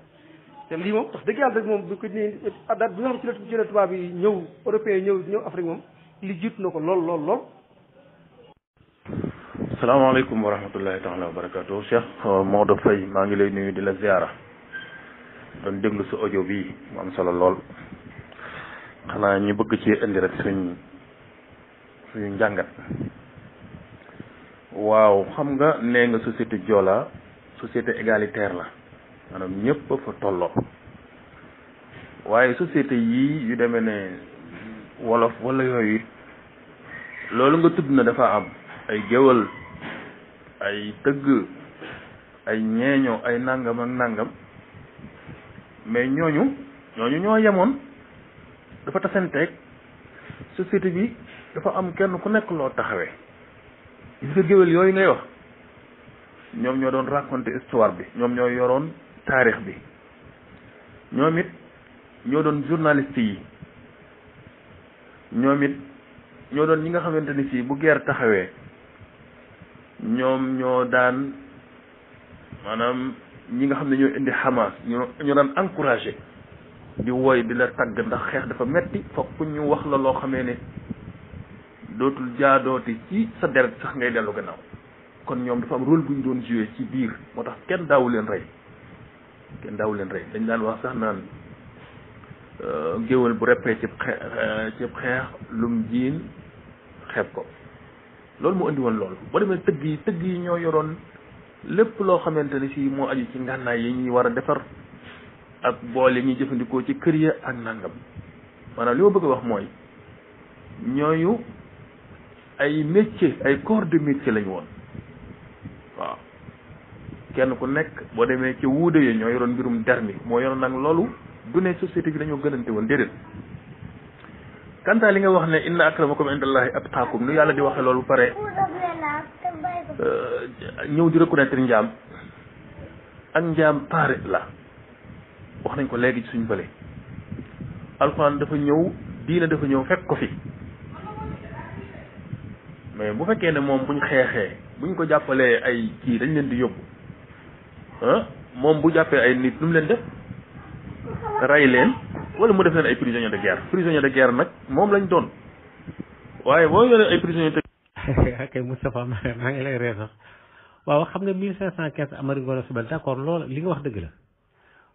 te lii moom tax dëgg yàlla moom bu ko nee date bi nga xam tubaab yi ñëw européen ñëw ñëw Afrique moom li jiitu na ko lool lool lool.
salaamaaleykum wa rahmatullahi taala wa barakaatu Cheikh euh, Maodo Faye maa ngi lay nuyu di la ziara doon déglu sa audio bii mu am solo lool xanaa ñu bëgg ci indi rek suñ suñu njàngat. waaw xam nga nee nga société Joola société égalitaire la maanaam ñëpp fa tolloo waaye société yii yu demee ne wolof wala yooyu loolu nga tudd na dafa am ay géwal ay tëgg ay ñeeño ay nangam ak nangam mais ñooñu ñooñu ñoo yemoon dafa tasanteeg société bi dafa am kenn ku nekk loo taxawe gis nga géwél yooyu ngay wax ñoom ñoo doon raconter histoire bi ñoom ñoo yoroon taarix bi ñoom it ñoo doon journaliste yi ñoom it ñoo doon ñi nga xamante ni si bu guerre taxawee ñoom ñoo daan maanaam ñi nga xam ne ñoo indi Hamas ñoo ñoo daan encouragé di woy di la tagg ndax xeex dafa metti fokk ñu wax la loo xamee ne dootul jaadoote ci sa deret sax ngay dellu gannaaw kon ñoom dafa am rôle bu ñu doon joué ci biir moo tax kenn daawu leen rey kenn daawu leen rey dañ daan wax sax naan euh, géwél bu reppee euh, cib xeex lum jiin xeeb ko loolu moo indi woon loolu boo demee tëgg yi tëgg yi ñoo yoroon lépp loo xamante ni fii moo aju ci ngànnaay yi ñuy war a defar ak bool yi ñuy jëfandikoo ci kër yi ak nangam maanaam li ma bëgg a wax mooy ñooyu ay métier ay corps de métier lañu woon waaw kenn ku nekk boo demee ci wuude yi ñoo yoroon mbirum dermi moo yoroon nag loolu du ne société bi dañoo gënante woon déedéet kanta li nga wax ne inna akramakum indallahi atqaakum nu yàlla di waxee loolu pare euh, ñëw di reconnaître njaam ak njaam pare la wax nañ ko léegi ci suñ bële alxuraan dafa ñëw diina dafa ñëw fekk ko fi mais bu fekkee ne moom buñ xeexee buñ ko jàppalee ay kii dañ leen di yóbbu ah, moom bu jàppee ay nit nu leen def ray leen wala mu def leen ay prisonniers de guerre prisonniers de guerre nag moom lañ doon waaye boo yoree ay prisonniers de.
ok Moustapha maa ngi lay ree sax waaw xam nga 1515 Amari Ngoone Sobel d'accord loolu li nga wax dëgg la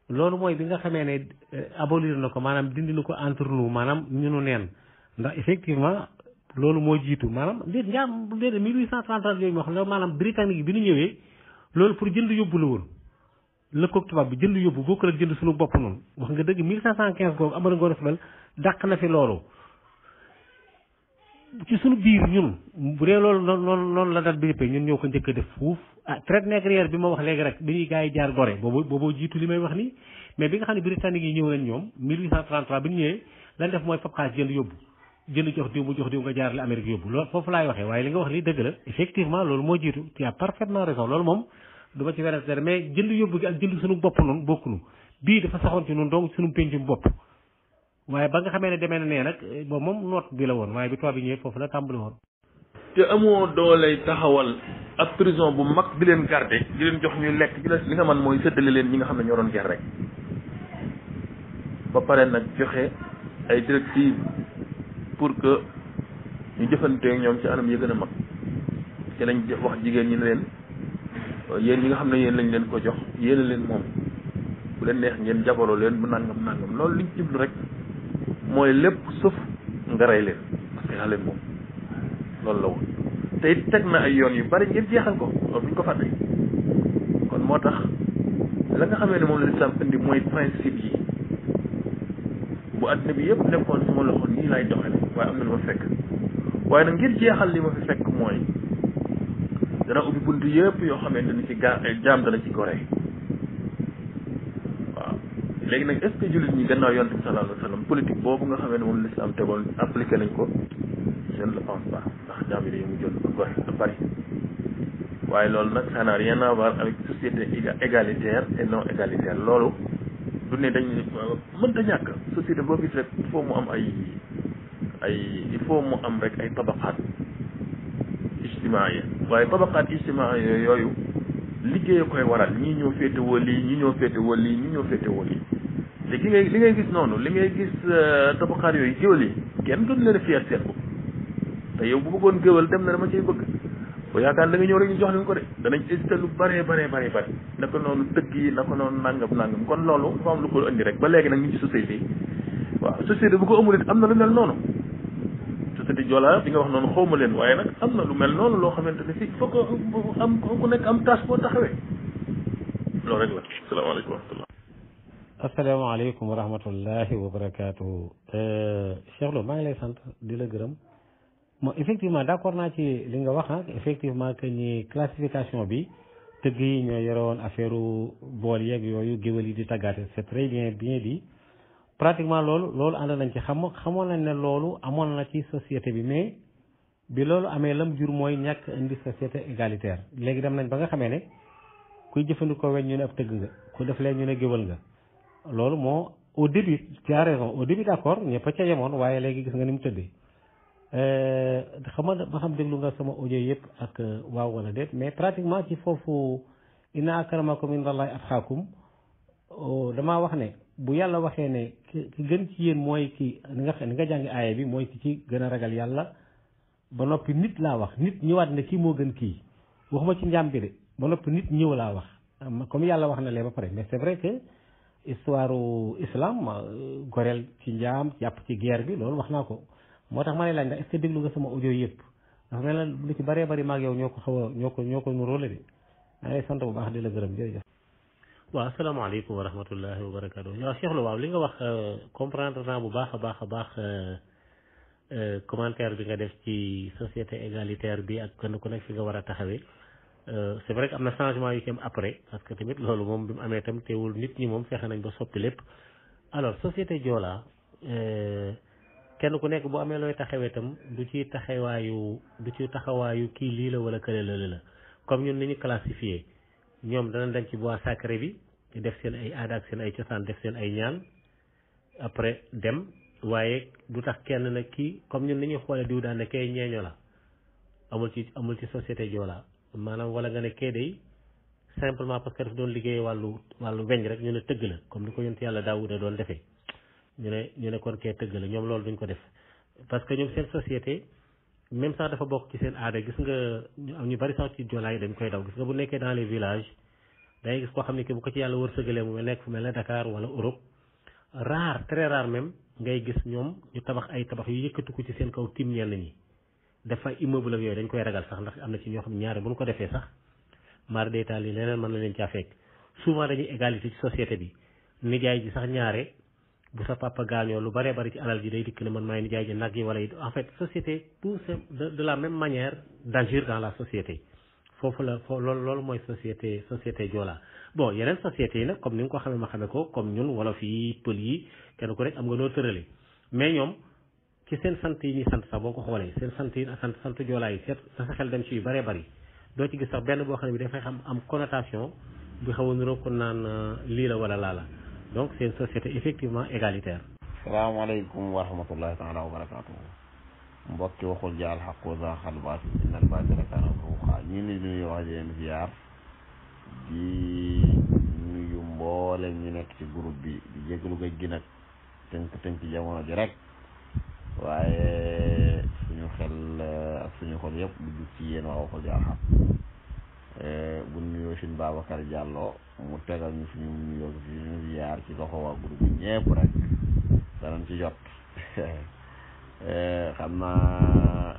loolu mooy bi nga xamee ne euh, abolir na ko maanaam dindi ko entre nous maanaam ñunu neen ndax effectivement. loolu moo jiitu maanaam léegi njaam léegi mille huit cent trente yooyu ma wax la maanaam britannique bi ñu ñëwee loolu pour jënd yóbbu la woon ko tubaab bi jënd yóbbu bokkul ak jënd suñu bopp noonu wax dëgg mille cinq cent quinze googu Amari Ngoone Sobel dàq na fi loolu ci suñu bu dee loolu la dal bi yëppee ñun ñoo ko njëkk def fuuf ah traite négrière bi ma wax léegi rek bi ñuy gars yi jaar gore boobu boobu jiitu li may wax nii mais bi nga xam ne britannique yi ñëw nañ ñoom 1833 bi ñu ñëwee lan def mooy fab xaalis jënd yóbbu jënd jox diw mu jox diw nga jaarale Amérique yóbbu loolu foofu laay waxee waaye li nga wax li dëgg la effectivement loolu moo jiitu tu as parfaitement raison loolu moom du ma ci werante dara mais jënd yóbbu gi ak jënd suñu bopp noonu bokkunu bii dafa saxoon ci noonu donc suñu péncum bopp waaye ba nga xamee ne demee na nee nag eh, boobu moom noot bi la woon waaye bi tubaab bi ñëwee foofu la tàmbali woon
te amoo doolay taxawal ak prison bu mag di leen garder di leen jox ñuy lekk li nga man mooy séddale leen ñi nga xam ne ñoo doon ger rek ba ay directives pour que ñu jëfanteeg ñoom ci anam yi gën a mag te lañ wax jigéen ñi ne leen euh, yéen ñi nga xam ne yéen lañ leen ko jox yéen leen moom bu leen neex ngeen jabaroo leen bu nangam nangam loolu liñ jublu rek mooy lépp suuf nga rey leen parce que yaa leen moom loolu la woon te teg na ay yoon yu bari ngeen jeexal ko loolu buñ ko fàtte kon moo tax la nga xamee ne moom la lislaam indi mooy principe yi bu àddina bi yëpp nekkoon sama loxo nii lay doxale waaye am na lu ma fekk waaye nag ngir jeexal li ma fi fekk mooy dana ubbi bunt yëpp yoo xamante ni ci gaa jaam dana ci gore waaw léegi nag est-ce que jullit ñi gannaaw yonent bi sallallahu alayhi wa sallam politique boobu nga xamee ne moom lislaam tegoon appliqué nañ ko je ndax jaam yi dañu mujjoon ba ba bari waaye loolu nag ça n'a rien à voir avec société égalitaire et non égalitaire loolu du ne dañ mënta ñàkk société boo gis rek foo mu am ay ay il mu am rek ay tabaqaat ijtimaaya waaye tabaqaat ijtimaaya yooyu liggéey koy waral ñii ñoo féetewoo lii ñii ñoo féetewoo lii ñii ñoo féetewoo lii te ki ngay li ngay gis noonu li ngay gis euh, tabaqaat yooyu géwël yi kenn doon leen fiyaat seen bopp te yow bu bëggoon géwël dem na dama cay bëgg ba yaakaar da nga ñëw rek ñu jox leen ko de danañ hésité lu bëree bëree bëri bëri naka noonu dëgg yi naka noonu nangam nangam kon loolu dafa am lu ko indi rek ba léegi nag ñu ci société waaw société bu am na lu noonu société bi nga wax noonu xawma leen waaye nag am na lu mel noonu loo xamante ne fii il am ku nekk am tâche boo taxawee loolu rek la salaamaaleykum wa rahmatullah
asalaamaaleykum wa rahmatullahi wa barakaatu euh, Cheikh maa ngi lay sant di la gërëm mo effectivement d'accord naa ci li nga wax ah effectivement que ni classification bi tëgg yi ñoo yore woon affaire bool yeeg yooyu géwél yi di tàggaate c'est très bien bien pratiquement loolu loolu ànd nañ ci xam xamoon nañ ne loolu amoon na ci société bi mais bi loolu amee lam jur mooy ñàkk indi société égalitaire léegi dem nañ ba nga xamee ne kuy jëfandikoo weñ ñu ne ab tëgg nga ku def leen ñu ne géwal nga loolu moo au début tu as raison au début d' accord ñëpp a ca yemoon waaye léegi gis nga ni mu tëddee euh, xam nga ba xam déglu nga sama audio yëpp ak euh, waaw wala déet mais pratiquement ci foofu inna akramakum indallahi atqaakum euh, damaa wax ne bu yàlla waxee ne ki gën ci yéen mooy ki ni nga xam ni nga jàngi aaya bi mooy ki ci gën a ragal yàlla ba noppi nit laa wax nit ñëwaat ne kii moo gën kii waxuma ci njàmbi de ba noppi nit ñëw laa wax comme yàlla wax na leen ba pare mais c'est vrai que histoire islam euh, goreel ci njaam yàpp ci guerre bi loolu wax naa ko moo tax ma ne laaj ndax est déglu nga sama audio yëpp ndax mel na lu ci bëree bëri maag yow ñoo ko xaw ñoo ko ñoo ko nuróole de maa ngi sant bu baax di waaw asalaamaaleykum wa rahmatullahi wa barakaatu waaw Cheikh lu waaw li nga wax euh, comprendre naa bu baax a baax a baax euh, euh, commentaire bi nga def ci société égalitaire bi ak kenn ku nekk fi nga war a taxawee c'est vrai que am na changement yu ci am après que tamit loolu moom bi amee tam teewul nit ñi moom fexe nañ ba soppi lépp alors société Joola kenn ku nekk bu amee looy taxawee tam du ci taxawaayu du ci taxawaayu kii lii la wala kële la la comme ñun ni ñu classifié ñoom danañ dem ci bois sacré bi ñu def seen ay aada ak seen ay cosaan def seen ay ñaan après dem waaye du tax kenn nag kii comme ñun li ñuy xoolee diw daan ne kay ñeeño la amul ci amul ci société joola maanaam wala nga ne kay day simplement parce que doon liggéey wàllu wàllu weñ rek ñu ne tëgg la comme ni ko yonent yàlla Daawuda doon defee ñu ne ñu ne kon kee tëgg la ñoom loolu duñ ko def parce que ñoom seen société même sax dafa bokk ci seen aada gis nga ñu am ñu bari sax ci joolaay dañ koy daw gis bu nekkee dans les villages day gis koo xam ne ki bu ko ci yàlla wërsëgalee mu nekk fu mel ne Dakar wala Europe rare très rare mem ngay gis ñoom ñu tabax ay tabax yu yëkkatu ci seen kaw tim ñenn ñi dafa immeuble ak yooyu dañ koy ragal sax ndax am na ci ñoo xam ñaari bu ñu ko defee sax maar détail yi leneen mën na leen caa fekk souvent dañuy égalité ci société bi nijaay ji sax ñaare bu sa papa gaañoo lu bare bari ci alal ji day dikk ne man maay nijaay ji nag yi wala yi en fait société tout de la même manière d'agir dans la société foofu la foo loolu loolu mooy société société Joola bon yeneen sociétés yi nag comme ni nga ko xamee ma xamee ko comme ñun wolof yi pël yi kenn ko rek am nga noo tërale mais ñoom ci seen sant yi ñuy sant sax boo ko xoolee seen sant yi sant sant Joola yi seet sa xel dem ci yu bëree bari doo ci gis sax benn boo xam ne bi dafay xam am connotation bi xaw a niroo ko naan euh, lii la wala laa la donc c'est une effectivement égalitaire.
salaamaaleykum wa rahmatullahi taala wa barakaatu mbokki waxul jaal xaqu zaaxal baati innal baatila kaana ñu ngi nuyu wax leen ziar di nuyu mboolem ñu nekk ci groupe bi di jégalu géej gi nag tënk-tënk jamono ji rek waaye ñu xel ak suñu xol yëpp lu jub ci yéen waa waxul yaa xam bu nuyoo suñu Babacar jàlloo mu tegal ñu suñu nuyoo suñu ziar ci loxo waa groupe bi ñëpp rek danañ ci jot eh, xam naa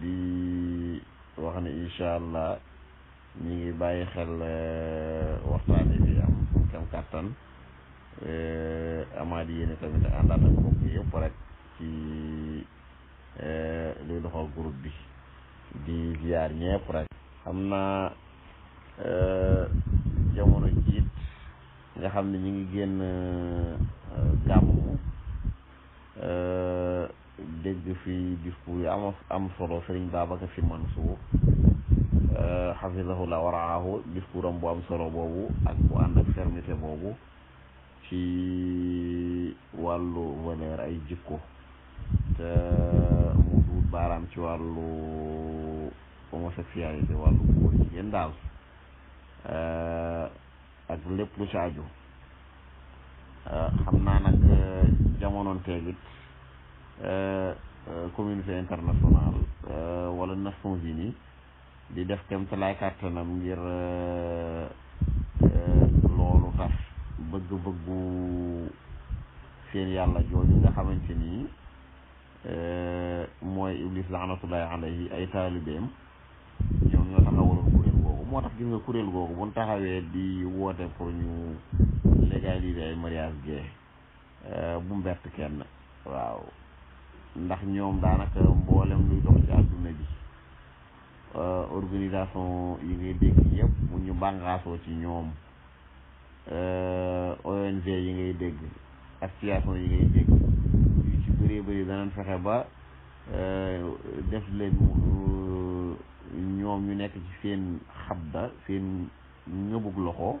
di. wax ni incha allah ñi ngi bàyyi xel eh, waxtaan yi bi am kam kàttan eh, amaat yéene tamit àndaat ak mbokk yëpp rek ci eh, luy doxal groupe bi di ziar ñëpp rek xam naa jamono jiit nga xam ne ñu ngi génn gàmmu dégg fi discours yi am am solo Serigne Babacar Sy Mansour xafisahullah euh, waraahu discours am bu am solo boobu ak bu ànd ak fermeté boobu ci wàllu valeur ay jikko te mu duut baaraam ci wàllu homosexualité wàllu góor jigéen daal euh, ak lépp lu ci aju euh, xam naa nag jamonoon teegit Euh, communauté internationale euh, wala Nations Unies di def kem te lay kàttanam ngir euh, loolu tas bëgg-bëggu seen yàlla jooju nga xamante ni mooy iblis laanatullahi alayhi ay taalibeem ñoom ñoo taxawaloon kuréel googu moo tax gis nga kuréel googu bu ñu taxawee di woote pour ñu légaliser ay mariage gay bu mu kenn waaw ndax ñoom daanaka mboolem luy dox ci àdduna bi euh, organisation yi ngay dégg yëpp mu ñu bànqaasoo ci ñoom euh, ONG yi ngay dégg association yi ngay dégg yu ci bëree bëri danañ fexe ba euh, def leen ñoom ñu nekk ci seen xabda seen ngëbug loxo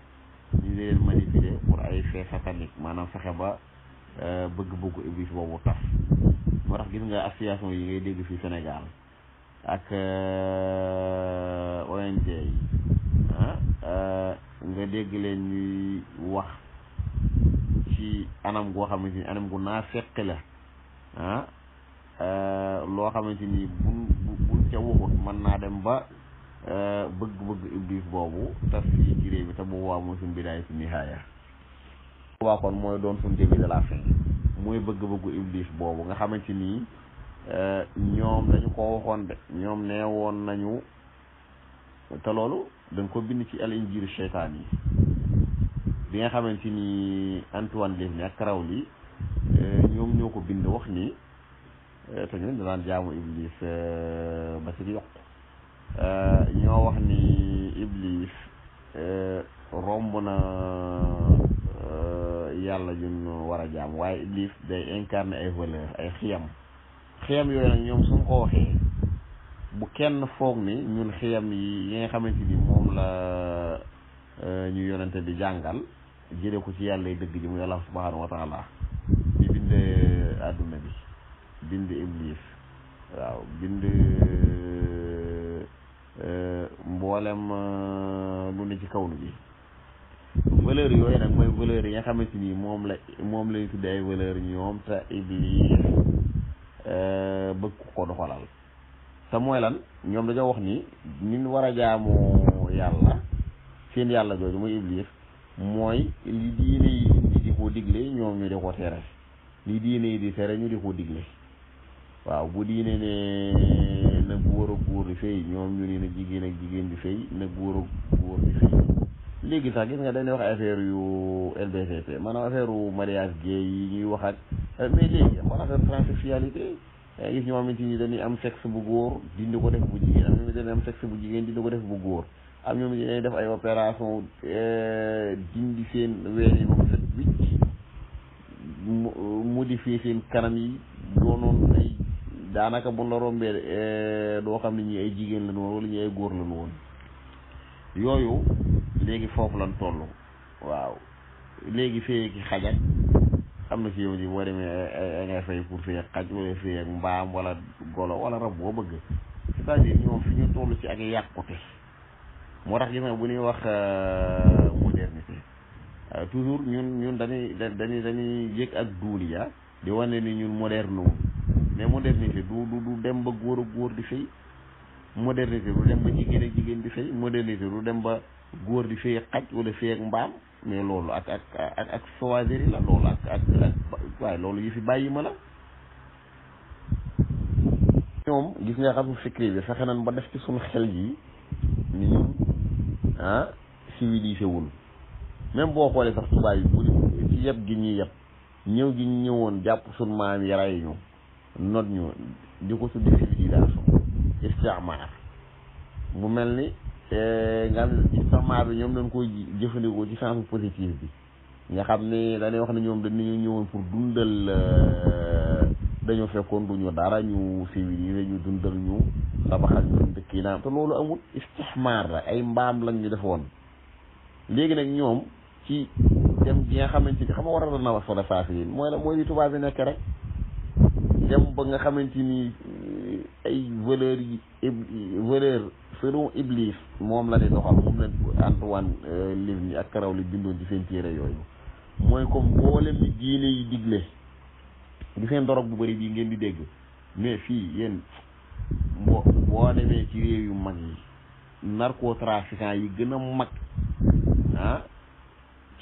ñu leen manipuler pour ay fee satanique maanaam fexe ba bëgg-bëggu iblis boobu tax moo tax gis nga association yi ngay dégg fii Sénégal ak euh, ONG yi ah euh, nga dégg leen ñuy wax ci anam goo xamante ni anam gu naa fekk la ah euh, loo xamante ni buñ buñ ca waxut mën naa dem ba bëgg-bëgg iblis boobu tas ci réew mi te bu waa moo suñ bidaay nihaaya waa kon mooy doon suñ début de la fin mooy bëgg-bëggu iblis boobu nga xamante ni euh, ñoom dañu ko waxoon de ñoom nee woon nañu te loolu dañ ko bind ci al injiiru seytaan yi bi nga xamante ni Antoine Levy ak Crowley euh, ñoom ñoo ko bind wax ni euh, te ñun danaan jaamu iblis ba si yokk ñoo wax ni iblis romb na yàlla jun war a jaam waaye iblis day incarné ay valeur ay xiyam xiyam yooyu nag ñoom suñ ko waxee bu kenn foog ni ñun xiyam yi yi nga xamante ni moom la euh, ñu yonente di jàngal jëlee ko ci yàlla dëgg ji muy allah subhanahu wa taala bi bind àdduna bi bind iblis waaw bind euh, mboolem euh, lu ne ci kaw nu bi valeurs yooyu nag mooy valeurs yi nga xamante ni moom la moom lañu tuddee ay valeurs ñoom te iblis euh, bëgg ko doxalal te mooy lan ñoom dañoo wax ni ñun war a jaamoo yàlla seen yàlla jooju mooy iblis mooy li diine yi indi di ko digle ñoom ñu di ko tere li diine yi di tere ñu di ko digle waaw bu diine ne na góor ak góor di fay ñoom ñu ne na jigéen ak jigéen di fay na góor ak góor di fay léegi sax gis nga dañuy wax affaire yu LBCT maanaam affaire yu mariage gay yi ñuy waxaat ak euh, mais léegi xool affaire transsexualité gis ñoo xamante ni dañuy am sexe bu góor dindi ko def bu jigéen am ñoom dañuy am sexe bu jigéen dindi ko def bu góor am ñoom dañuy def ay opération euh, dindi seen ween yi moom set wicc euh, modifier seen kanam yi doonoon ay daanaka bu la rombee doo xam ne ñu ay jigéen la ñu ay góor la woon yooyu léegi foofu lan toll waaw léegi fee ki xaj xam na ci yow ji boo demee eh, eh, ngay fay pour fee xaj wala fee ak mbaam wala golo wala rab boo bëgg c'est-à-dire ñoom fi ñu toll ci ak yàqute moo tax gis nga bu ñuy wax euh, modernité euh, toujours ñun ñun dañuy dañuy dañuy yëg ak duuli ah, di wane ni ñun moderne wu mais modernité du du du dem ba góor a góor di fay modernité du dem ba jigéen ak jigéen di fay modernité du dem ba góor di fee xaj wala fee ak mbaam mais loolu ak ak ak ak waaye loolu yi fi bàyyi ma la moom gis nga xam fikri bi fexe nan ba def ci suñu xel yi ni ñun ah civilisé wul même boo xoolee sax tubaab yi bu ci yeb gi ñuy yeb ñëw gi ñu ñëwoon jàpp suñu maam yi rey ñu not ñu di ko tudde civilisation istimaar bu mel ni nga ñoom dañ koy jëfandikoo ci sens positif nga xam ne dañuy wax ne ñoom dañu ñëwoon pour dundal euh, dañoo fekkoon du ñu dara ñu civilisé ñu dundal ñu tabaxal ñu dëkk yi naan te loolu amul istixmaar la ay mbaam lañ ñu defoon léegi nag ñoom ci dem gi nga xamante ni xam nga war a na wax solo saafi yi mooy la mooy li tubaab yi nekk rek dem ba nga xamante ni ay valeur yi valeur selon Iblis moom la ne doxal moom la Antoine euh, Livni ak Karaw li bindoon ci seen téere yooyu mooy ko mboolem ni diine yi digle di seen bu bari bii ngeen di dégg mais fii yéen mbo boo demee ci réew yu mag yi narcotrafiquant yi gën a mag ah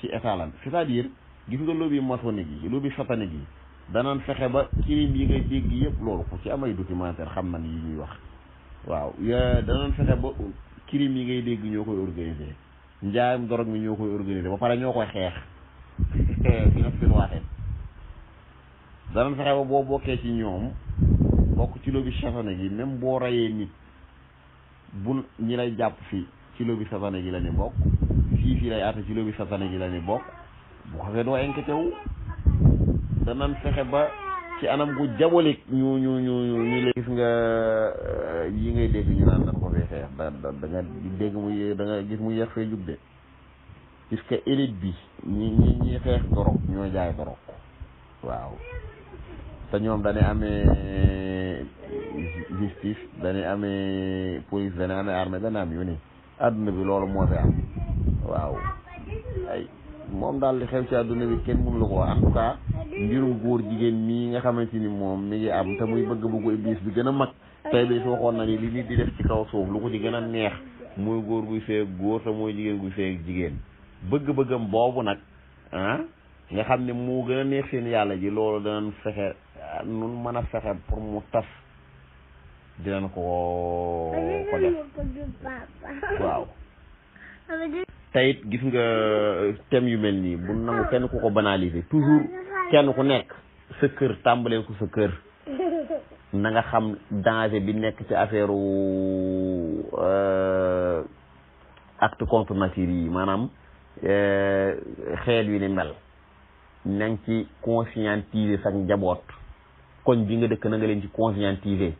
ci état lan c'est-à-dire gis nga lobby maçonnique yi lobby satanique yi danaan fexe ba crime yi ngay dégg yëpp loolu ku ci amay documentaire xam na ni ñuy wax waaw danañ fexe ba crime yi ngay dégg ñoo koy organisé njaayam dorog mi ñoo koy organisé ba pare ñoo koy xeex fi nag seen fexe ba boo bokkee ci ñoom bokk ci lobi satané gi même boo rayee nit bu ñi lay jàpp fii ci lobi satané gi la ni bokk fii fii lay àtte ci lobi satané gi la ni bokk bu ko fee doo inquiété wu danañ fexe ba ci anam bu jabolique ñu ñu ñu ñu leen gis nga euh, yi ngay dégg ñu naan dañ ko fee xeex da da da nga dégg mu da nga gis mu yeex fee jub de puisque élite bi ñi ñi ñi xeex dorog ñoo jaay dorog waaw te ñoom dañuy amee justice dañuy amee police dañuy amee armée dañuy am yu ni àdduna bi loolu moo fi am waaw moom daal li xew ci àdduna bi kenn mënu la ko en tout cas mbirum góor jigéen mii nga xamante ni moom mi ngi am te muy bëgg bëggu iblis bi gën a mag tey bi waxoon na ni li nit di def ci kaw suuf lu ko ci gën a neex mooy góor guy feeg góor te mooy jigéen buy feeg jigéen bëgg-bëggam boobu nag ah nga xam ne moo gën a neex seen yàlla ji loolu danañ fexe nun mën a fexe pour mu tas dinañ ko ko waaw tayit gis nga euh, thème yu mel nii bu nangu ah. kenn ku ko banaliser toujours ah, kenn ku nekk sa kër tàmbalee ko sa kër na nga xam danger bi nekk ci affaire euh, acte contre nature yi maanaam euh, xeel yu ni mel na nga ci conscientiser sax njaboot koñ bi nga dëkk na leen ci conscientiser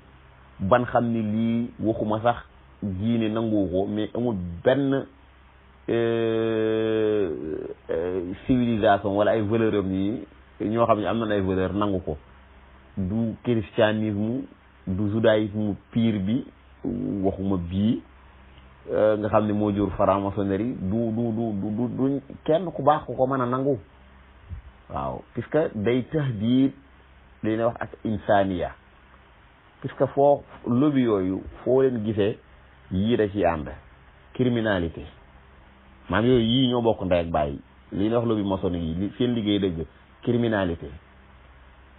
ban xam ni lii waxuma sax diine nangu ko mais amul benn Euh, euh, civilisation wala ay valeur am yi ñoo xam ne am na ay valeur nangu ko du christianisme du judaïsme piir bi waxuma bii euh, nga xam ne moo jur franc-maçonnerie du du du du du kenn ku baax ko mën a nangu waaw que day tahdiid li ne wax ak insania que foo lobby yooyu foo leen gisee yii da ci ànd criminalité maam yooyu yii ñoo bokk ndey ak bàyyi lii la wax lobby maçonnique yi seen liggéey dëgg criminalité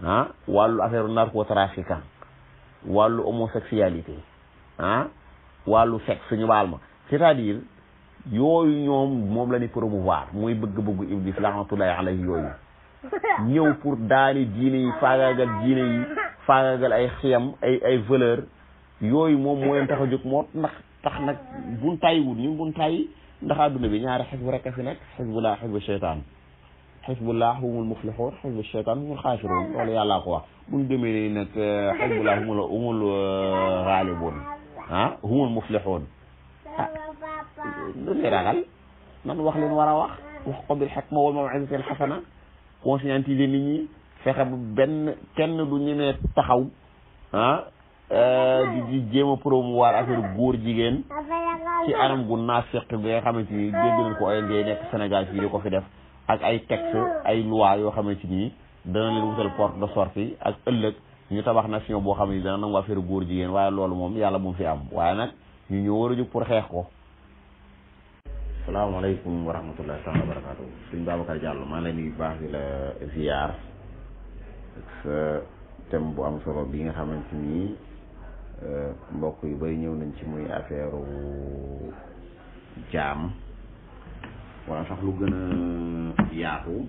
ah wàllu affaire narcotrafiquant wàllu homosexualité ah wàllu sexe ñu baal ma c'est-à-dire yooyu ñoom moom la ñu promouvoir muy bëgg-bëggu iblis rahmatullahi alayhi yooyu ñëw pour daani diine yi faagaagal diine yi faagaagal ay xiyam ay ay valeur yooyu moom moo leen tax a jóg moo tax tax nag bun tàyyiwul ñun bun tàyyi ndax adduna bi ñaari xisbu rek a fi nekk xisbullah xisbu cheytaan xisbullah humul muflixuun xisbu cheytaan humul xaasiruun loolu yàllaa ko wax buñ demee nii nag eh, xisbullah humul humul xaalibuun eh, ah humul
ah, lu ñuy ragal
man wax leen war a wax wax ko bil xikma wal mawisatil xasana conscientiser nit ñi fexe bu benn kenn du ñemee taxaw ah, Euh, di jéem a promouvoir góor jigéen ci anam gu naafiq bi nga xamante ni dégg ko ay ngay nekk Sénégal fii ko fi def ak ay texte ay loi yoo xamante ni dana leen wutal porte de sortie ak ëllëg ñu tabax nation boo xam ne dana nangu affaire góor jigéen waaye loolu moom yàlla bu mu fi am waaye nag ñu ñu war a jóg pour xeex ko. salaamaaleykum wa rahmatullahi taala wa barakaatu suñ Babacar Diallo maa ngi baax di la ziar ak bu am solo bi nga xamante ni. Euh, mbokk yu bari ñëw nañ ci muy affaire jaam wala sax lu gën a yaatu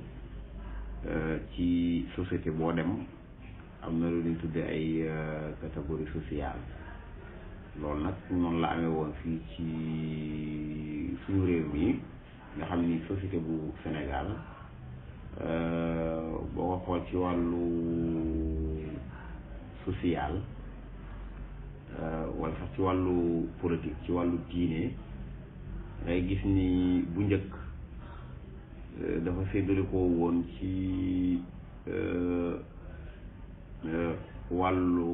euh, ci société boo dem am na lu ñuy tuddee ay euh, catégorie sociale loolu nag noonu la amee woon fii ci suñu réew mi nga xam ni société bu Sénégal boo ko xool ci wàllu social Euh, wala sax ci wàllu politique ci wàllu diine ngay gis ni bu njëkk euh, dafa séddalikoo woon ci euh, wàllu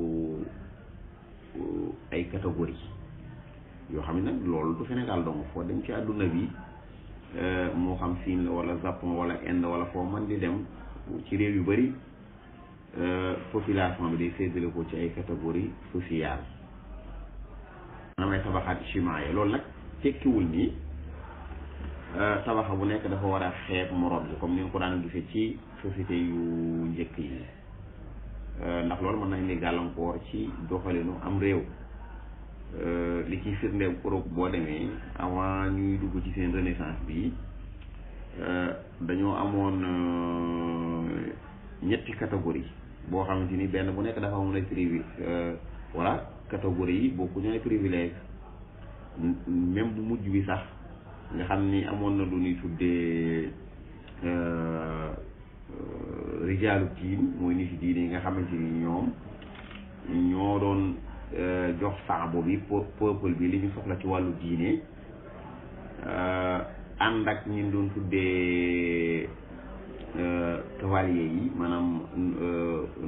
ay catégorie yoo xam ne nag loolu du Sénégal dong foo dem ci àdduna bi moo xam Siin la wala Japon wala Inde wala foo man di dem ci réew yu bari population bi day séddale ci ay catégorie sociale damay tabaxaat ciment yi loolu nag tekkiwul nii euh, tabaxa bu nekk dafa war a xeeb morom bi comme ni nga ko daan gisee ci société yu njëkk yi euh, ndax loolu mën na indi gàllankoor ci doxalinu am réew euh, li ciy firnde Europe boo demee avant ñuy dugg ci seen renaissance bi dañoo amoon ñetti catégorie boo xamante ni benn bu nekk dafa amoon ay privé voilà catégorie yi bokku ñooy privilège même bu mujj bi sax nga xam ni amoon na lu ñuy tuddee euh, rijaalu diin mooy ni ci diine yi nga xamante ni ñoom ñoo doon euh, jox saabo bi pour peuple bi li ñu soxla ci wàllu diine euh, ànd ak ñi doon tuddee cavalier yi maanaam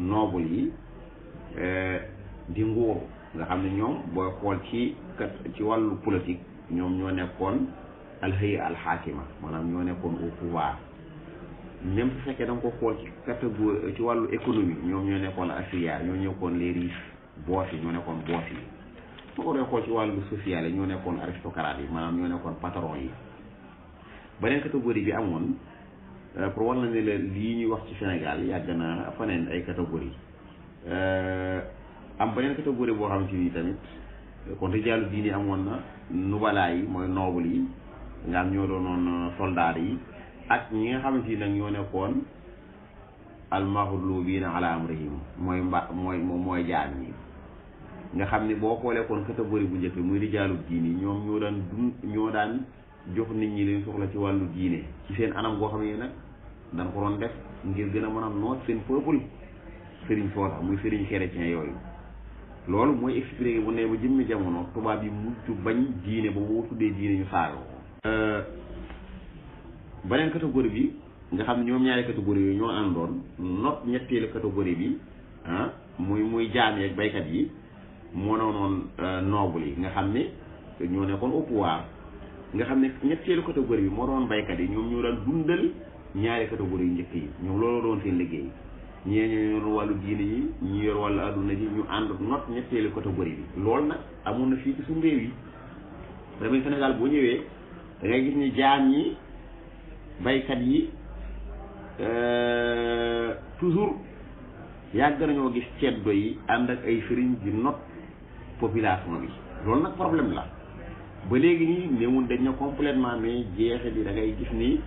noble yi di nguuru nga xam ne ñoom booy xool ci ci wàllu politique ñoom ñoo nekkoon alhaya alxaakima maanaam ñoo nekkoon au pouvoir même su fekkee da ko xool ci catégorie ci wàllu économie ñoom ñoo nekkoon asiyaar ñoo nekkoon les riches boos yi ñoo nekkoon boos yi soo ko doon xool ci wàllu social yi ñoo nekkoon aristocrates yi maanaam ñoo nekkoon patron yi beneen catégorie bi amoon euh, pour war na ne la lii ñuy wax ci Sénégal yàgg na faneen ay catégorie euh, am beneen catégorie boo xam ci nii tamit kon rijaalu diini amoon na nubalaa yi mooy noobul yi nga am ñoo doonoon euh, soldaar yi ak ñi nga xam ni nag ñoo nekkoon almaxlubiina ala amrihim mooy mba mooy mooy jaam yi nga xam ni boo xoolee kon catégorie bu njëkk muy rijaalu diini ñoom ñoo daan du ñoo daan jox nit ñi leen soxla ci wàllu diine ci seen anam goo xam ne nag dañ ko doon def ngir gën a mën a noot seen peuple sëriñ soola muy sëriñ chrétien yooyu loolu mooy expliqué bu ne ba jëmmi jamono tubaab yi mujj bañ diine ba boo tuddee diine ñu saagoo euh, beneen catégorie bi nga xam ne ñoom ñaari catégorie yooyu ñoo àndoon not ñetteelu catégorie bi ah muy muy jaam yeeg baykat yi moo doonoon euh, noble yi nga xam ne ñoo nekkoon au pouvoir nga xam ne ñetteelu catégorie bi moo doon baykat yi ñoom ñoo daan dundal ñaari catégorie njëkk yi ñoom loolu doon seen liggéey ñee ñu yor wàllu diine yi ñu yor wàllu àdduna ji ñu ànd not ñetteelu catégorie bi lool nag amoon na fii ci suñu réew yi damay Sénégal boo ñëwee da ngay gis ni jaam ñi baykat yi euh, toujours yàgg nañoo gis ceddo yi ànd ak ay sëriñ di not population bi loolu nag problème la ba léegi nii néewul dañ na complètement mais jeexe bi dangay gis nii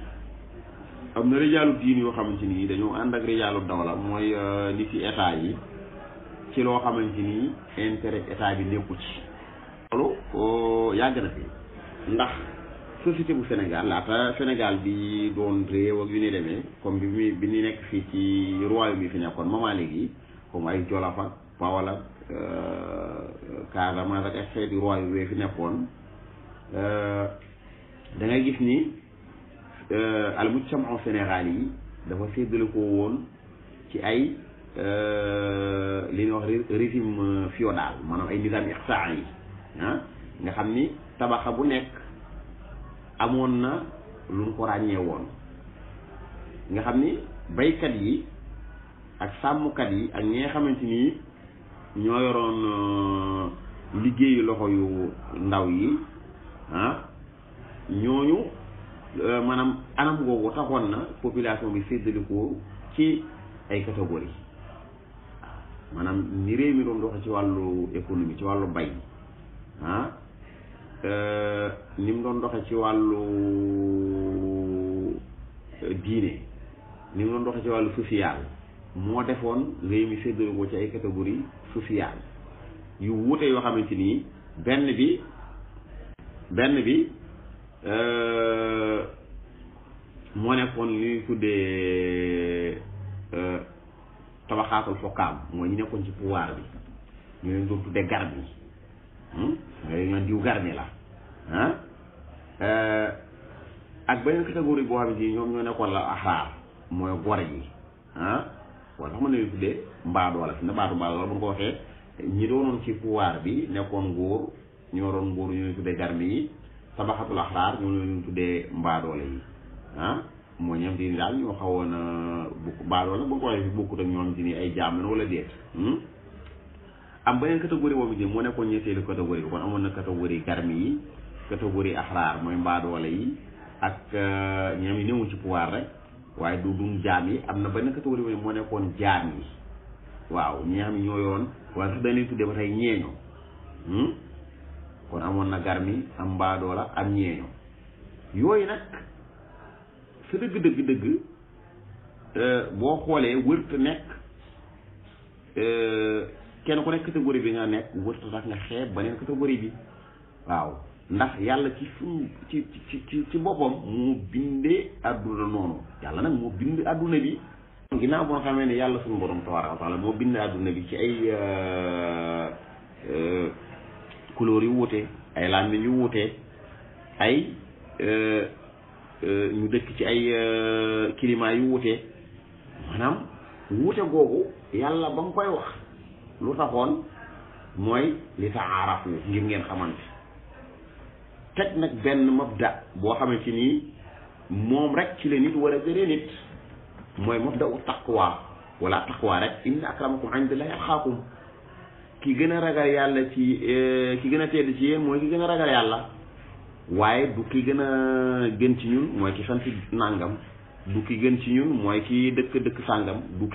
am na rijaalu diin yoo xamante nii dañoo ànd ak rijaalu dawla mooy nit euh, ci état yi ci loo xamante ni intérêt état bi nekku ci. loolu euh, yàgg na fi ndax société bu Sénégal laata Sénégal bi doon réew ak yu ni demee comme bi muy bi ñu nekk fii ci royaume yi fi nekkoon moment léegi comme ay Jolof ak Bawol ak euh, Casamance ak ay xeeti royaume yi fi nekkoon da gis ni. Euh, almujtama sénégal yi dafa séddale woon ci ay euh, li ñuy wax régime féodal maanaam ay nizaam iqsaa yi ah, nga xam ni tabaxa bu nekk amoon na lu ñu ko ràññee woon nga xam ni baykat yi ak sàmmkat yi ak ñi nga xamante ni ñoo yoroon euh, liggéeyu loxo yu ndaw yi ah ñooñu Euh, maanaam anam googu taxoon na population bi séddalikoo ci ay catégorie waaw maanaam ni réew mi doon doxe ci wàllu économie ci wàllu bay ah euh, ni mu doon doxe ci wàllu euh, diine ni mu doon doxe ci wàllu social moo defoon réew mi séddalikoo ci ay catégorie sociale yu wuute yoo xamante nii benn bi benn bi Euh, moo nekkoon li tuddee euh, tabaxaatul fokkaam mooy ñu nekkoon ci pouvoir bi ñu leen doon tuddee garmi hmm? la ah ak beneen catégorie boo xam ñoo nekkoon la axraar mooy gor yi ah wala tax mën nañu tuddee mbaadoo la fi na baatu mbaadoo la bu ñu ko waxee ñi doonoon ci pouvoir bi nekkoon nguur ñoo doon nguur ñoo tuddee garmi yi tabaxatul axraar ñoo leen tuddee mbaadoole yi ah mooy ñoom di daal ñoo xawoon bukk mbaadoole boo ko waxee fi ak ñoom di ni ay jaam la wala déet hmm? am beneen catégorie boobu di moo nekkoon ñetteelu catégorie bi kon amoon yi catégorie axraar mooy mbaadoole yi ak euh, ñoom yi néewu ci pouvoir rek waaye du dum jaam yi am na benn catégorie boobu moo nekkoon jaam yi waaw ñi xam ne ñoo yoon waaye sax dañ leen tuddee ba tey ñeeño hmm? kon amoon na garmi am mbaadoo la am ñeeño yooyu nag sa dëgg dëgg dëgg euh, boo xoolee wërta nekk euh, kenn ko nekk catégorie bi nga nekk wërta tax nga xeeb beneen catégorie bi waaw ndax yàlla ci suñ ci ci ci boppam moo bindee àdduna noonu yàlla nag moo bind àdduna bi ginnaaw boo xamee ne yàlla suñu borom tabaaraka wa taala moo bind àdduna bi ci ay euh, couleur yu wuute ay làmmiñ yu wuute ay euh, euh, ñu dëkk ci ay euh, climat yu wuute maanaam wuute googu yàlla ba nga koy wax lu taxoon mooy li taarafu ngir ngeen xamante teg nag benn mabda boo xamante ni moom rek ci la nit war a gëree nit mooy mabda u taqwa wala taqwa rek inna akramakum indallahi atqaakum ki gën a ragal yàlla ci eh, ki gën a tedd ci yéen mooy ki gën a ragal yàlla waaye du ki gën a gën ci ñun mooy ki sant nàngam du ki gën ci ñun mooy ki dëkk dëkk sàngam du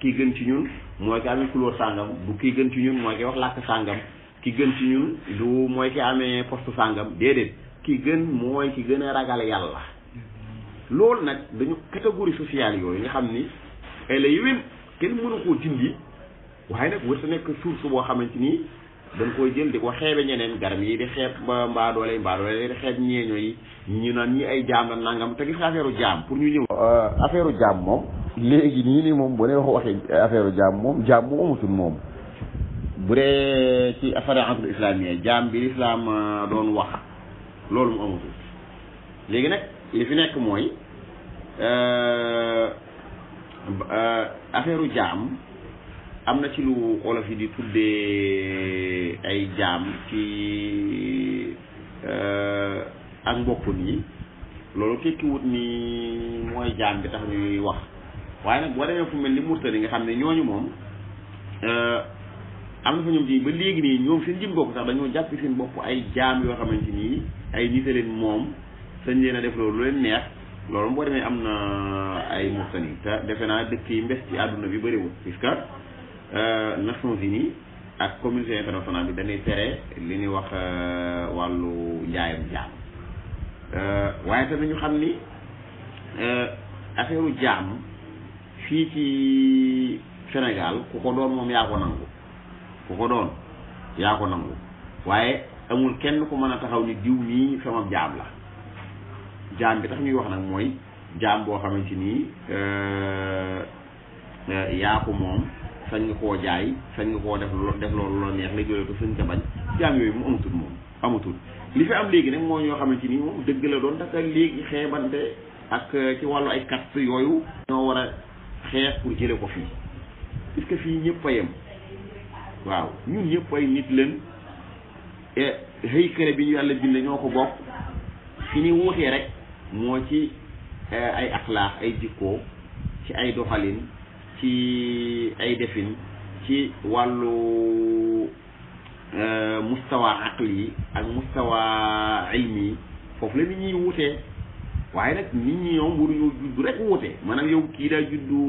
ki gën ci ñun mooy ki amee couleur sàngam du ki gën ci ñun mooy ki wax làkk sàngam ki gën ci ñun du mooy ki amee poste sàngam déedéet ki gën mooy ki gën a ragal yàlla loolu nag dañu catégorie social yooyu nga xam ni ay la yéwén kenn mënu koo dindi waaye nag wër sa nekk source boo xamante ni dañ koy jël di ko xeebe ñeneen garab yi di xeeb ba doole mbaa doole di xeeb ñeeño yi ñu naan ñi ay jaam la nangam te gis nga jaam pour ñu ñëw. Euh, affaire jaam moom. léegi nii nii moom bu ne wax waxee affaire jaam moom jaam mu amatul moom. bu dee ci affaire entre islamiyee jaam bi islaam euh, doon wax loolu mu amatul léegi nag li fi nekk mooy euh, affaire jaam. am na ci lu olof yi di tuddee eh, ay jaam ci eh, ak mbokk yi loolu tekkiwut ni mooy jaam bi tax ñuy wax waaye nag boo demee fu mel ni Murtani nga xam ne ñooñu moom eh, am na fa ñoom ci ba léegi nii ñoom seen jëm bopp sax dañoo jàpp seen bopp ay jaam yoo xamante nii ay nit leen moom sañ leen a def loolu leen neex loolu boo demee am na ay Murtani te defe naa dëkk yi mbes ci àdduna bi bëriwul puisque Euh, Nations Unies ak communauté internationale bi dañuy tere li ñuy wax euh, wàllu njaayam jaam euh, waaye tamit ñu xam ni affaire jaam fii ci Sénégal ku ko doon moom yaa ko nangu ku ko doon yaa ko nangu waaye amul kenn ko mën a taxaw ni diw nii sama jaam la jaam bi tax ñuy wax nag mooy jaam boo xamante nii yaa ko moom sañ nga koo jaay sañ nga koo def def loolu la neex léegi yooyu sañ ca bañ jaam yooyu mu amatul moom amatul li fi am léegi nag mooy ñoo xamante ni moom dëgg la doon dafa léegi xeebante ak euh, ci wàllu ay kat yooyu ñoo war a xeex pour jële ko fii parce que fii ñëpp a yem waaw ñun ñëpp ay nit leen xëykëre bi ñu yàlla binde ñoo ko bokk fi ñu wuutee rek moo ci euh, ay axlaax ay jikkoo ci ay doxalin ci ay defin ci wàllu euh, mustawa aqli yi ak mustawa ilmi yi foofu la nit ñuy wutee waaye nag nit ñi ñoom waruñoo rek wute maanaam yow kii daa juddu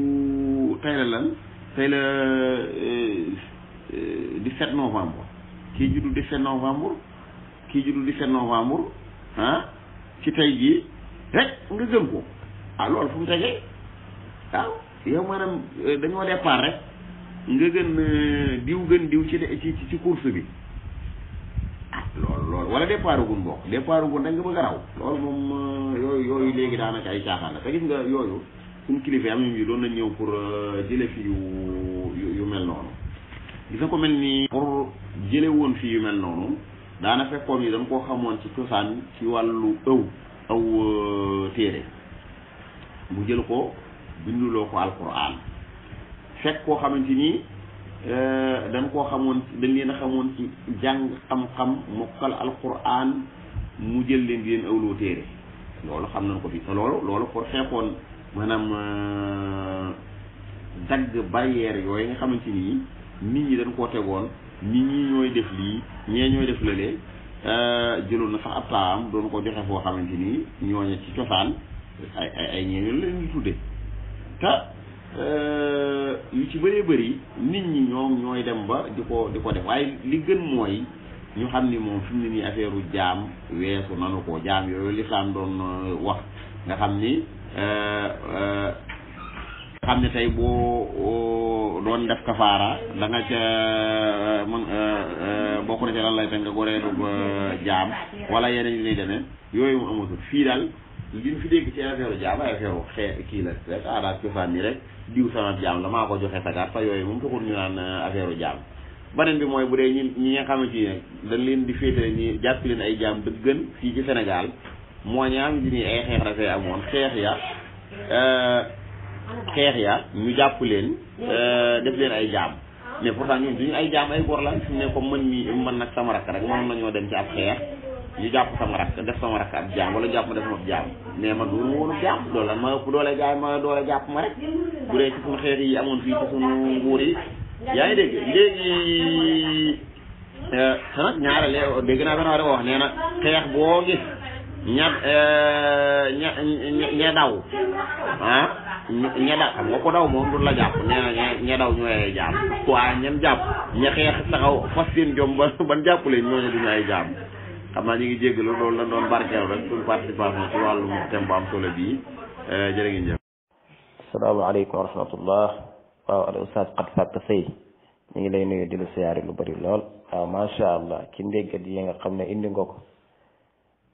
tey la lan tey la euh, euh, dix-sept novembre kii juddu dix novembre kii juddu dix-sept novembre ci tey jii rek nga gëm ko ah loolu fu mu tegee yow maanaam euh, dañoo départ rek nga gën euh, diw gën diw ci ci ci course bi ah loolu loolu wala départ gun bokk départ gun da nga bëgg a raw loolu moom euh, yooyu yooyu léegi daanaka ay caaxaan la te gis nga yooyu suñ kilifa am ñu doon na ñëw pour jële fi yu yu mel noonu gis nga ko mel ni pour jële woon fii yu mel noonu daana fekkoon yi dañ koo xamoon ci cosaan ci wàllu ëw aw téere mu jël ko binduloo ko alquran fekk koo xamante ni euh, dañ koo xamoon dañ leen a xamoon ci jàng xam-xam mokkal alquran mu jël leen di leen awloo téere loolu xam nañ ko fi te loolu loolu pour xeexoon maanaam euh, dagg barrière yooyu nga xamante ni nit ñi dañ koo tegoon nit ñi ñooy def lii ñee ñooy def lële euh, jëloon na sax ab taam doon ko joxe koo xamante ni ñooñu ci cosaan ay ay ay ñeeñu leen tudde te euh, yu ci bëree bëri nit ñi ñoom ñooy dem ba di ko di ko def waaye li gën mooy ñu xam ni moom fi mu ne nii affaire u jaam weesu nanu ko jaam yooyu lislaam doon euh, wax nga xam ni euh, xam ne tey boo doon def kafaara da ca mën bokk na ca lan lay teg nga ko reedu jaam wala yeneen yi lay demee yooyu mu amatul fii daal li fi dégg ci affaire jaam ay affaire kii la rek aadaat cosaan ni rek diw sama jaam la maa ko joxe sagaat fa yooyu moom taxul ñu naan euh, affaire jaam beneen bi mooy bu dee ñi ñi nga xamante ne dañ leen di féete ñi jàpp leen ay jaam gën fii ci Sénégal moo ñaam di ni ay xeex dafay amoon xeex ya euh, xeex ya ñu jàpp leen euh, def leen ay jaam mais pourtant ñun duñu ay jaam ay góor la su ne comme mën mi man nag sama rakk rek mënoon nañoo dem ci ab xeex ñu jàpp sama rakk def sama rakk ab jaam wala jàpp ma def sama jaam mais ma jàpp ma rek bu dee ci suñu xeet yi amoon fii ci suñu nguur yi yaa ngi léegi euh, te nag naa benn war wax nee na xeex boo gis ña euh, ña ña daw ah ña la jàpp nee na jàpp ña xeex taxaw fas seen jom ba ban jàpp leen ñooñu xam naa ñu ngi jéggalu loolu la doon barkeelu rek suñu participation ci wàllum thème bu am solo bii euh, jërë ngeen jëf.
asalaamaaleykum wa rahmatullah waaw al ustaas xat fàkk sëy ñu ngi lay nuyu di la siyaare lu bari lool waaw macha allah ci ndéggat yi nga xam ne indi nga ko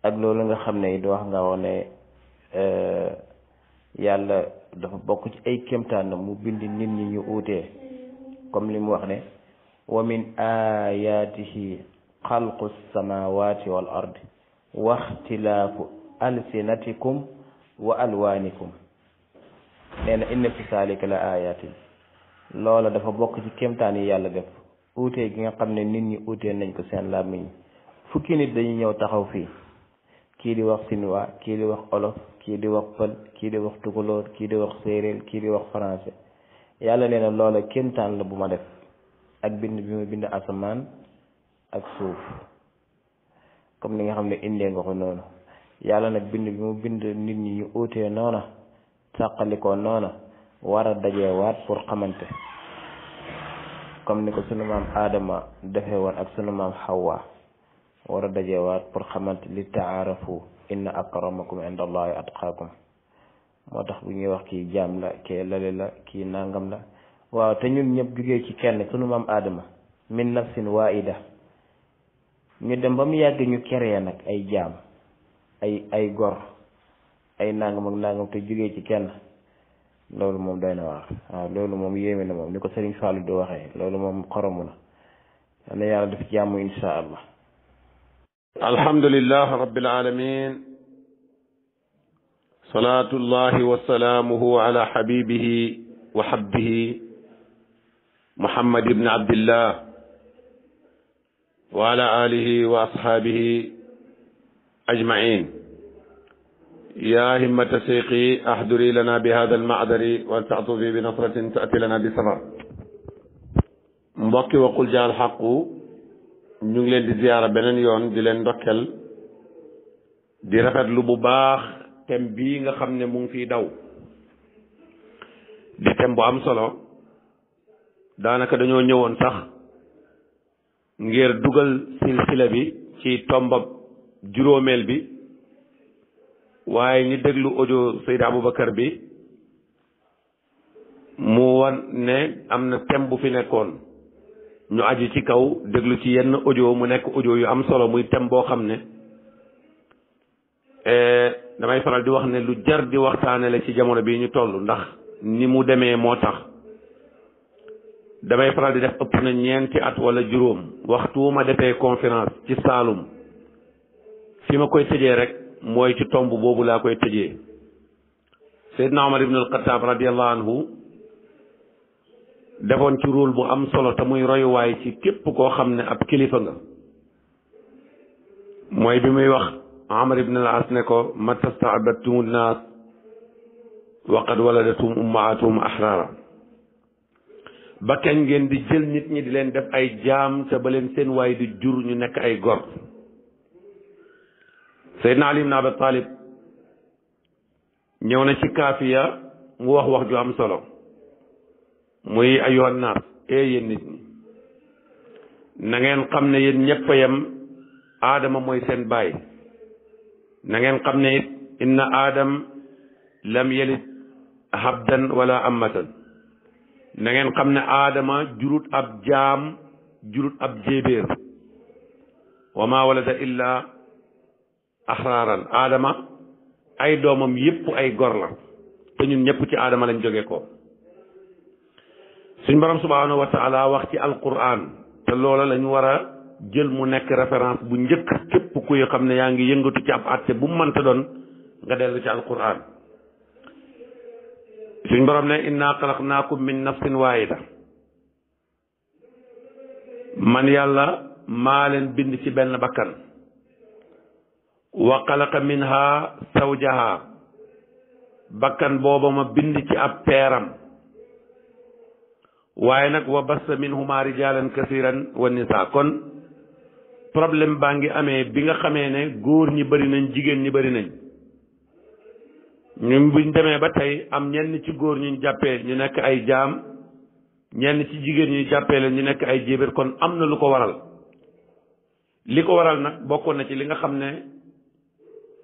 ak loolu nga xam ne it wax nga woon euh, yàlla dafa bokk ci ay kéemtaan mu bind nit ñi ñu uutee comme li mu wax ne wa min ayatihi xalqu samawati wal ardi waxtilaafu alsinatikum wa alwaanikum nee inna fi saalika la ayatin loola dafa bokk ci kéemtaan yi yàlla def uutee gi nga xam ne nit ñi ute nañ ko seen làmmiñ fukki nit dañuy ñëw taxaw fii kii di wax sinuwaa kii di wax olof kii di wax pël kii di wax tukulóor kii di wax séeréer kii di wax français yàlla nee na loola kéemtaan la bu ma def ak bind bi ma bind asamaan ak suuf comme ni nga xam ne indee nga ko yàlla nag bind bi mu bind nit ñi ñu uutee noona sàqalikoo noona war a dajewaat pour xamante comme ni ko sunu maam aadama defee woon ak sunu maam xawwa war a dajewaat pour xamante li taarafu inna akramakum inda allahi atqaakum moo tax bu ñuy wax kii jaam la kee lale la kii nangam la waaw te ñun ñëpp jugee ci kenn sunu maam aadama min nafsin waida ñu dem ba mu yàgg ñu keree nag ay jaam ay ay gor ay nangam ak te jógee ci kenn loolu moom doy na wax loolu moom yéeme na moom ni ko Serigne Fallou di waxee loolu moom xoromu na ana yàlla def jàmm insha allah
alhamdulilah rabbil alamin salaatullahi wa salaamuhu ala habibihi wa habbihi muhammad ibn abdillah wa ala alihi wa ashaabihi ajmain ya himmata seyqi ahduri lana bi hada almahdari wa tatufi bi nasratin taati lana bi safar mbokki waqul jaal xaqu ñu ngi leen di ziyaara beneen yoon di leen ndokkel di rafetlu bu baax thème bii nga xam ne mu ngi fiy daw di thème bu am solo daanaka dañoo ñëwoon sax ngir dugal silsila bi ci tombab juróomeel bi waaye ñi déglu audio Seydou Aboubacar bi mu wan ne am na tem bu fi nekkoon ñu aju ci kaw déglu ci yenn audio mu nekk audio yu am solo muy thème boo xam ne eh, damay faral di wax ne lu jar di waxtaanee la ci jamono bi ñu tollu ndax ni mu demee moo tax damay faral di def ëpp na ñeenti at wala juróom waxtu ma defee conférence ci Saalum fi ma koy tëjee rek mooy ci tomb boobu laa koy tëjee Seydina Omar ibn al-Khattab radiyallahu anhu defoon ci rôle bu am solo te muy royuwaay ci képp koo xam ne ab kilifa nga mooy bi muy wax Amr ibn al ne ko ma tasta'badtum an-nas wa qad waladatum ummahatuhum ahraara ba kañ ngeen di jël nit ñi di leen def ay jaam te ba leen seen waay di jur ñu nekk ay gor Seydina Ali ibn Abi Talib ñëw na ci kaafiya mu wax wax ju am solo muy ayoon naas ee eh yéen nit ñi na ngeen xam ne yéen ñëpp yem aadama mooy seen baay na ngeen xam ne it inna aadam lam yelit habdan wala ammatan na ngeen xam ne aadama jurut ab jaam jurut ab jéebéer wa ma walada illa axraaran aadama ay doomam yépp ay gor la te ñun ñépp ci aadama lañ jóge ko suñ borom subhanahu wa taala wax ci alquran te loola lañ war a jël mu nekk référence bu njëkk képp kuy xam ne yaa ngi yëngatu ci ab àtte bu mu mënta doon nga dellu ci alquran suñ borom ne inna xalaqnaakum min nafsin waahida man yàlla maa leen bind ci benn bakkan wa xalaqa minha zawjaha bakkan booba ma bind ci ab peeram waaye nag wa bassa minhuma rijalan kasiran wa nisa kon problème baa ngi amee bi nga xamee ne góor ñi bari nañ jigéen ñi bari nañ ñun buñ demee ba tey am ñenn ci góor ñu jàppee ñu nekk ay jaam ñenn ci jigéen ñu jàppee leen ñu nekk ay jéebéer kon am na lu ko waral li ko waral nag bokkoon na ci li nga xam ne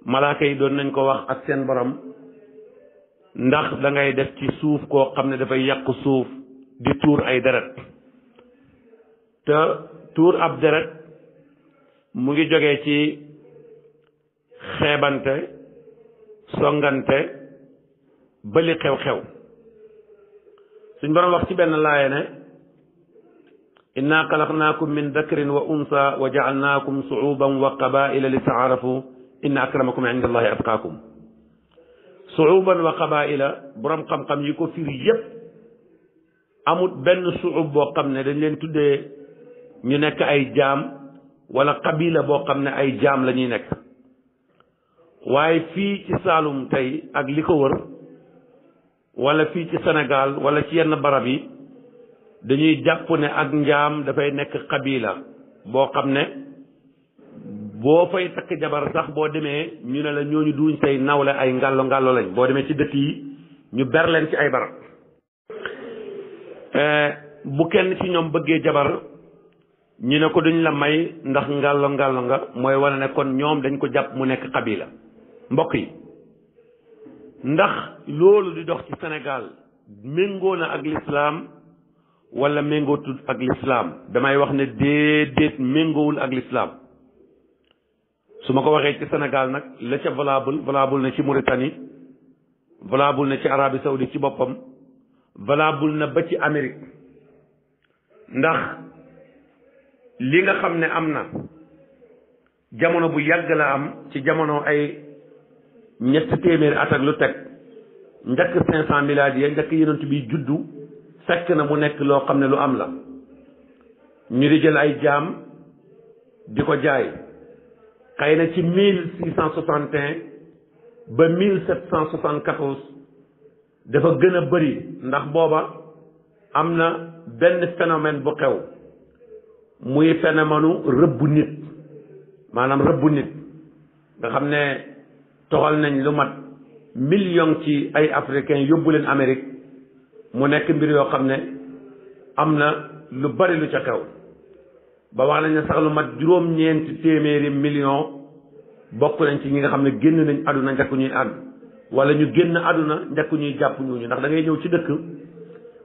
malaaka yi doon nañ ko wax ak seen borom ndax da ngay def ci suuf koo xam ne dafay yàq suuf di tuur ay deret te tuur ab deret mu ngi jógee ci xeebante songante bëli xew-xew suñ boroom wax ci benn laaya ne inna xalaqnaakum min dakarin wa unsa wa jaalnaakum suuban wa qabaila li taarafu inna akramakum inda allahi atqaakum suuban wa qabaila boroom xam-xam yi ko firi yépp amut benn suub boo xam ne dañ leen tuddee ñu nekk ay jaam wala qabila boo xam ne ay jaam la ñuy nekk waaye fii ci Saalum tey ak li ko wër walla fii ci Sénégal wala ci yenn barab yi dañuy jàpp ne ak njaam dafay nekk xabila boo xam ne boo fay takk jabar sax boo demee ñu ne la ñooñu duñ say nawle ay ngàllo ngàllo lañ boo demee ci dëkk yi ñu ber leen ci ay barab eh, bu kenn ci ñoom bëggee jabar ñu ne ko duñ la may ndax ngàllo ngàllo nga mooy wane ne kon ñoom dañ ko jàpp mu nekk xabila mbokk yi ndax loolu di dox ci Sénégal méngoo na ak lislaam wala méngootu ak lislaam damay wax ne déedéet méngoowul ak lislaam su ma ko waxee ci Sénégal nag la ca valable valable na ci Mauritanie valable na ci Arabie Saoudite ci boppam valable na ba ci Amérique ndax li nga xam ne am na jamono bu yàgg la am ci jamono ay ñetti téeméeri at lu teg njëkk cinq cent miladi ya njëkk yonent bi juddu fekk na mu nekk loo xam ne lu am la ñu di jël ay jaam di ko jaay xëy na ci mille six cent soixante et un ba mille sept cent soixante dafa gën a bëri ndax booba am na benn phénomène bu xew muy phénomène rëbbu nit maanaam rëbbu nit nga xam ne toxal nañ lu mat million ci ay africain yóbbu leen Amérique mu nekk mbir yoo xam ne am na lu bari lu ca xew ba wax nañ ne sax lu mat juróom-ñeenti téeméeri million bokk nañ ci ñi nga xam ne génn nañ àdduna njëkk ñuy àdd wala ñu génn àdduna njëkk ñuy jàpp ñooñu ndax dangay ñëw ci dëkk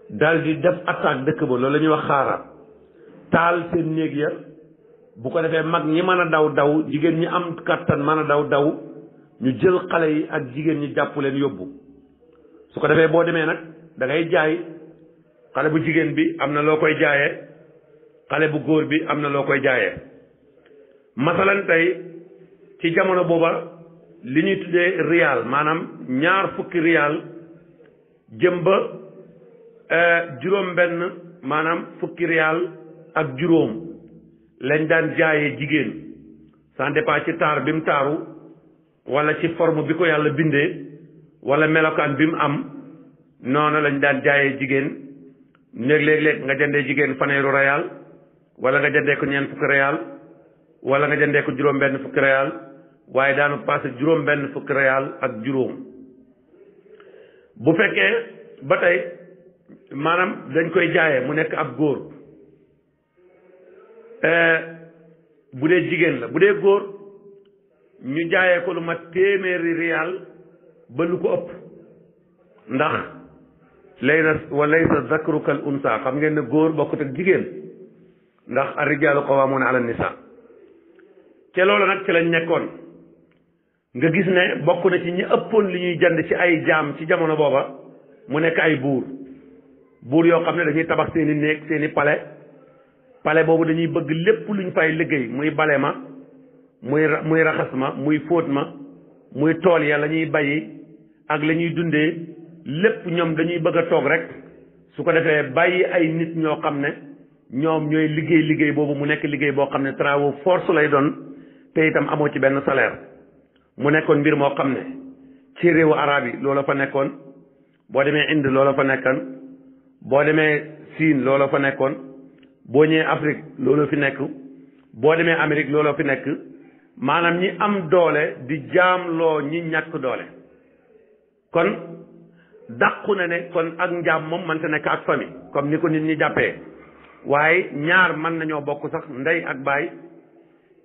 daal di def attaque dëkk ba loolu la ñuy wax xaaraat taal seen néeg ya bu ko defee mag ñi mën a daw daw jigéen ñi am kàttan mën a daw daw ñu jël xale yi ak jigéen ñi jàpp leen yóbbu su ko defee boo demee nag da jaay xale bu jigéen bi am na loo koy jaaye xale bu góor bi am na loo koy jaayee masalan tey ci jamono booba li ñuy tuddee riyaal maanaam ñaar fukki riyaal jëm ba e, juróom benn maanaam fukki riyaal ak juróom lañ daan jaayee jigéen sans ci taar bi mu taaru wala ci forme bi ko yàlla bindee wala melokaan bi mu am noonu lañ daan jaayee jigéen léeg-léeg nga jëndee jigéen faneeru réal wala nga jëndee ko ñeent fukki réal wala nga jëndee ko juróom-benn waaye daanu passé juróom-benn fukki réal ak juróom bu fekkee ba tey maanaam dañ koy jaayee mu nekk ab góor eh, bu dee jigéen la bu dee góor. ñu jaayee ko lu ma téeméeri riyaal ba lu ko ëpp ndax laysa wa laysa zakru kal unsa xam ngeen ne góor bokkut ak jigéen ndax ar rijaalu qawaamuuna ala nisa ca loolu nag ci lañ nekkoon nga gis ne bokk na ci ñi ëppoon li ñuy jënd ci ay jaam ci jamono booba mu nekk ay buur buur yoo xam ne dañuy tabax seeni néeg seeni pale pale boobu dañuy bëgg lépp luñ fay liggéey muy bale ma muy muy raxas ma muy fóot ma muy tool ya la ñuy bàyyi ak la ñuy dundee lépp ñoom dañuy bëgg a toog rek su ko defee bàyyi ay nit ñoo xam ne ñoom ñooy liggéey liggéey boobu mu nekk liggéey boo xam ne travaux force lay doon te itam amoo ci benn salaire mu nekkoon mbir moo xam ne ci réewu araab yi loola fa nekkoon boo demee Inde loola fa nekkoon boo demee Siin loola fa nekkoon boo ñëwee Afrique loolu fi nekk boo demee amerique loolu fi nekk maanaam ñi am doole di jaamloo ñi ñàkk doole kon daqu na ne kon ak njaam moom mënta nekk ak famille comme ni ko nit ñi jàppe waaye ñaar mën nañoo bokk sax ndey ak baay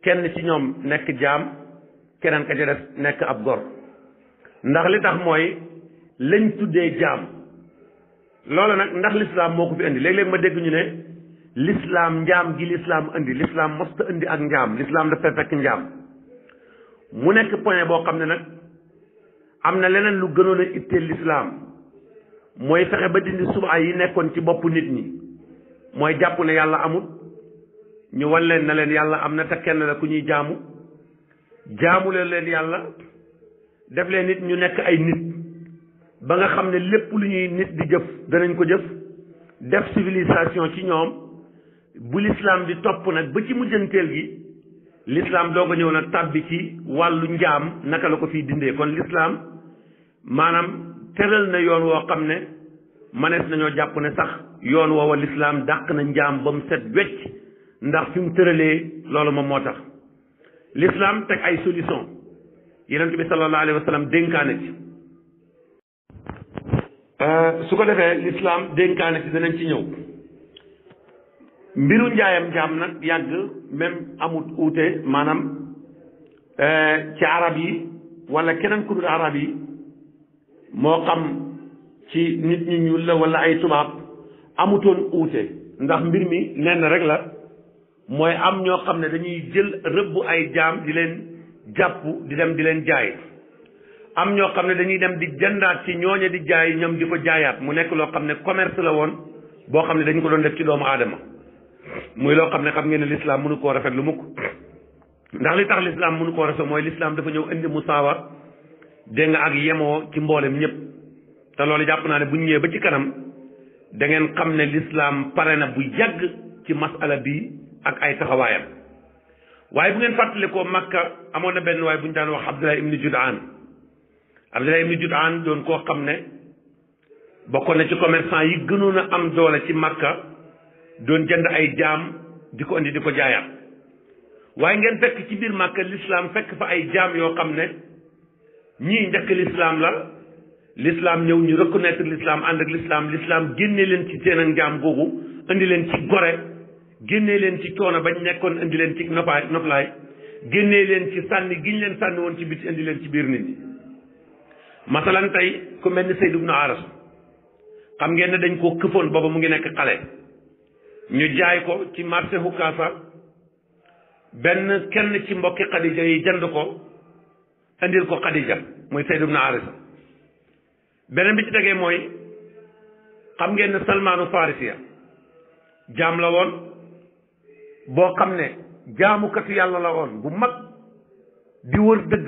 kenn ci ñoom nekk jaam keneen ka ca nekk ab gor ndax li tax mooy lañ tuddee jaam loolu nag ndax lislaam moo ko fi indi léeg-léeg ma dégg ñu ne lislaam njaam gi lislaam indi lislaam mosta indi ak njaam lislaam dafa fekk njaam mu nekk point boo xam ne nag am na leneen lu gënoon a itteel lislaam mooy fexe ba dindi subaa yi nekkoon ci boppu nit ñi mooy jàpp ne yàlla amut ñu wan leen na leen yàlla am na te kenn la ku ñuy jaamu jaamule leen yàlla def leen nit ñu nekk ay nit ba nga xam ne lépp lu ñuy nit di jëf danañ ko jëf def civilisation ci ñoom bu lislaam di topp nag ba ci mujjanteel gi l'islam doo ko ñëw nag tàbbi ci wàllu njaam naka la ko fiy dindee kon lislaam maanaam tëral na yoon woo xam ne manees nañoo jàpp ne sax yoon woowa lislaam dàq na njaam ba mu set wecc ndax fi mu tëralee loolu moom moo tax l'islam teg ay solution yenent bi sallallahu alayhi wa dénkaane ci euh, su ko defee l'islam dénkaane ci danañ ci ñëw mbiru njaayam jaam nag yàgg même amut uute maanaam euh, ci arab yi wala keneen ku dul arab yi moo xam ci nit ñu ñuul la wala ay tubaab amutoon uute ndax mbir mi lenn rek la mooy am ñoo xam ne dañuy jël rëbbu ay jaam di leen jàpp di dem di leen jaay am ñoo xam ne dañuy dem di jëndaat ci ñooñe di jaay ñoom di ko jaayaat mu nekk loo xam ne commerce la woon boo xam ne dañ ko doon def ci doomu aadama muy loo xam ne xam ngeen ne lislaam mënu koo rafet lu mukk ndax li tax lislaam mënu koo rafet mooy lislaam dafa ñëw indi musawa dégg nga ak yemoo ci mbooleem ñëpp te loolu jàpp naa ne bu ñu ñëwee ba ci kanam da xam ne lislaam pare na bu yàgg ci masala bi ak ay taxawaayam waaye bu ngeen fàttalikoo Makka amoon na benn waaye bu ñu daan wax Abdullah ibn Jud'an Abdullah ibn Jud'an doon koo xam ne bokkoon na ci commerçant yi gënoon a am doole ci Makka doon jënd ay jaam di ko indi di ko jaayaat waaye ngeen fekk ci biir màkka lislaam fekk fa ay jaam yoo xam ne ñii njëkk lislaam la lislaam ñëw ñu reconnaître lislaam ànd ak lislaam lislaam génne leen ci seen ak njaam googu indi leen ci gore génne leen ci coono bañ nekkoon indi leen ci noppaay noflaay génne leen ci sànni giñ leen sànni woon ci biti indi leen ci biir nit ñi masalan tey ku mel ni Seyd ibnu Aras xam ngeen ne dañ koo këfoon booba mu ngi nekk xale ñu jaay ko ci marché Hukaasa benn kenn ci mbokki Xadija yi jënd ko indil ko Xadija muy Sayd ibn Haarisa beneen bi ci tegee mooy xam ngeen ne Salmaanu Farisiya jaam la woon boo xam ne jaamukatu yàlla la woon gu mag di wër dëgg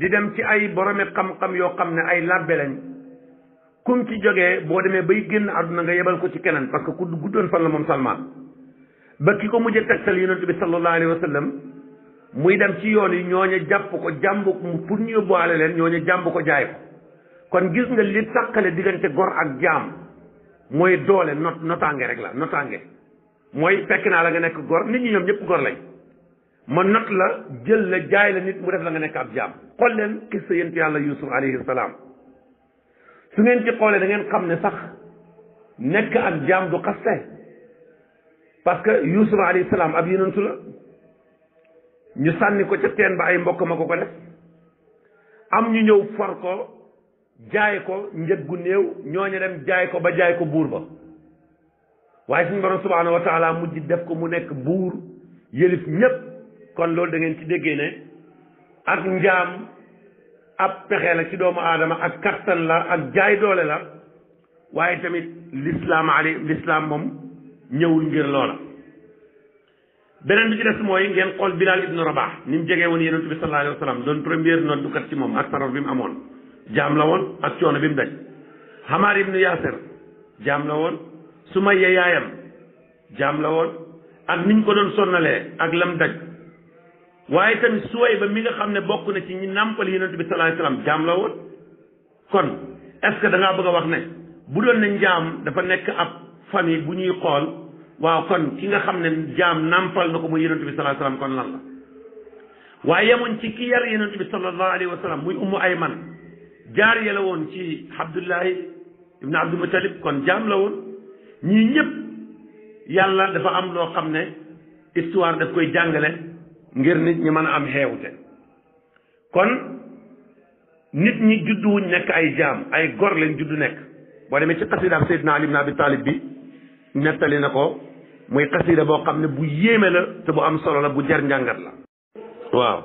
di dem ci ay boromi xam-xam yoo xam ne ay làbbe lañ kum ci jógee boo demee bay génn àdduna nga yebal ko ci keneen parce que ku guddoon fan la moom Salman ba ki ko mujjee tegtal yonent bi sallallahu alayhi wa sallam muy dem ci yoon yi ñooñu jàpp ko jàmb pour ñu yóbbuwaale leen ñooñu jàmb ko jaay ko kon gis nga li tàqale diggante gor ak jaam mooy doole not notaange rek la notaange mooy fekk naa la nga nekk gor nit ñi ñoom ñëpp gor lañ ma not la jël la jaay la nit mu def la nga nekk ab jaam xool leen kissa yent yàlla yusuf alayhi salaam su ngeen ci xoolee dangeen ngeen xam ne sax nekk ak jaam du xaste parce que yuusufa salaam ab yonentu la ñu sànni ko ca teen ba ay mbokk ma ko ko def am ñu ñëw for ko jaay ko njëg gu néew ñooñu dem jaay ko ba jaay ko buur ba waaye suñu borom subhanahu wa mujj def ko mu nekk buur yëlif ñépp kon loolu dangeen ci déggee ne ak njaam ab pexee la ci doomu aadama ak kattan la ak jaay doole la waaye tamit lislaam ali lislaam moom ñëwul ngir loola beneen bi ci des mooy ngeen xool Bilal ibnu Rabah ni mu jegee woon yonent bi sallallahu alayhi wa sallam doon première ak parole bi mu amoon jaam la woon su coono bi jaam la woon Sumayya yaayam jaam ak niñ ko doon sonnalee ak lam daj waaye tamit suway ba mi nga xam ne bokk na ci ñi nàmpal yeneen bi sallallahu alayhi wasallam jaam la woon kon est ce bëgg a wax ne bu doon ne njaam dafa nekk ab famille bu ñuy xool waaw kon ki nga xam ne jaam nàmpal na ko mu yonent bi sallallahu alayhi wasallam kon lan la waaye yemuñ ci ki yar yonent bi sallallahu la woon ci abdullahi ibn abdul mutalib kon jaam la woon ñii ñëpp yàlla dafa am loo xam ne histoire daf koy jàngale ngir nit ñi mën a am xeewte kon nit ñi judduwuñ nekk ay jaam ay gor lañ juddu nekk boo demee ci xasidaam Seydina Ali ibn Abi Talib bi nettali na ko muy xasida boo xam ne bu yéeme la te bu am solo la bu jar njàngat la waaw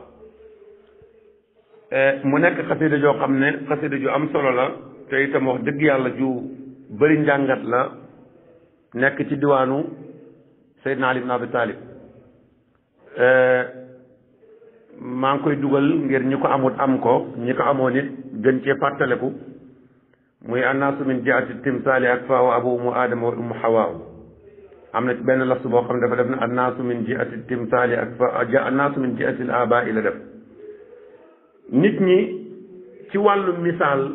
eh, mu nekk xasida joo xam ne xasida ju am solo la te itam wax dëgg yàlla ju bëri njàngat la nekk ci diwaanu Seydina Ali ibn Abi Talib Euh, maa ngi koy dugal ngir ñi ko amut am ko ñi ko amoon it gën cee fàttaleku muy annaasu min jaati timsaali ak faaw abu umu aadama wa umu xawaa am na benn lafsu boo xam ne dafa def na annaasu min jaati timsaali ak fa annaasu min jaati abaa la def nit ñi ci wàllu misaal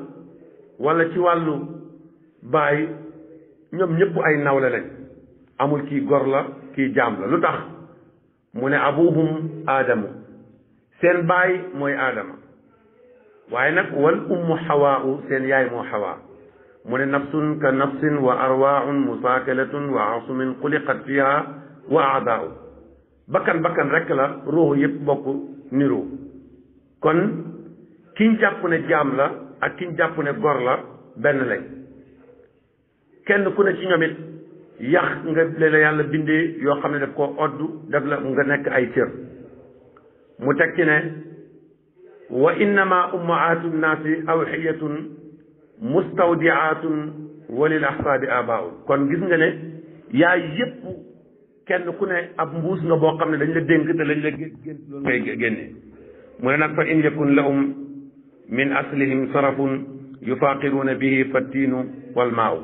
wala ci wàllu baay ñoom ñëpp ay nawle lañ amul kii gor la kii jaam la lu tax mu ne abuhum aadamu seen baay mooy aadama waaye nag wal ummu xawaau seen yaay moo xawaa mu ne nafsun ka nafsin wa arwaaun musaakalatun wa asumin xuliqat fiha wa aadaau bakkan bakkan rek la ruuxu yëpp bokk niroo kon kiñ jàpp ne jaam la ak kiñ jàpp ne gor la benn lañ kenn ci ñoom yax nga leen yàlla bindee yoo xam ne daf ko oddu daf la nga nekk ay cër mu teg ci ne wa innama ummahaatu nnaasi awxiyatun mustawdiaatun walil ahsaabi abaau kon gis nga ne yaay yépp kenn ku ne ab mbuus nga boo xam ne dañ la dénk te lañ la génne mu ne nag fa in yakun lahum min aslihim sarafun yufaaqiruuna bihi fattiinu walmaaw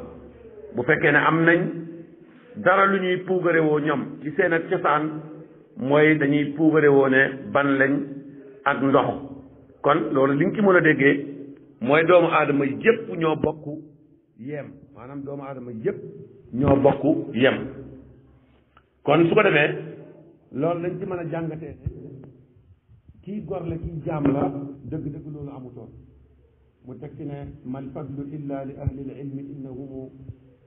bu fekkee ne am nañ dara lu ñuy puugare woo ñoom ci seen ak cosaan mooy dañuy puugare woo ne ban lañ ak ndox kon loolu li nga ci mën a déggee mooy doomu aadama yépp ñoo bokk yem maanaam doomu aadama yépp ñoo bokk yem kon su ko defee loolu lañ ci mën a jàngatee kii gor la kii jaam la dëgg-dëgg loolu amutoon mu teg ci ne mal fadlu illa li ahli l ilmi innahumu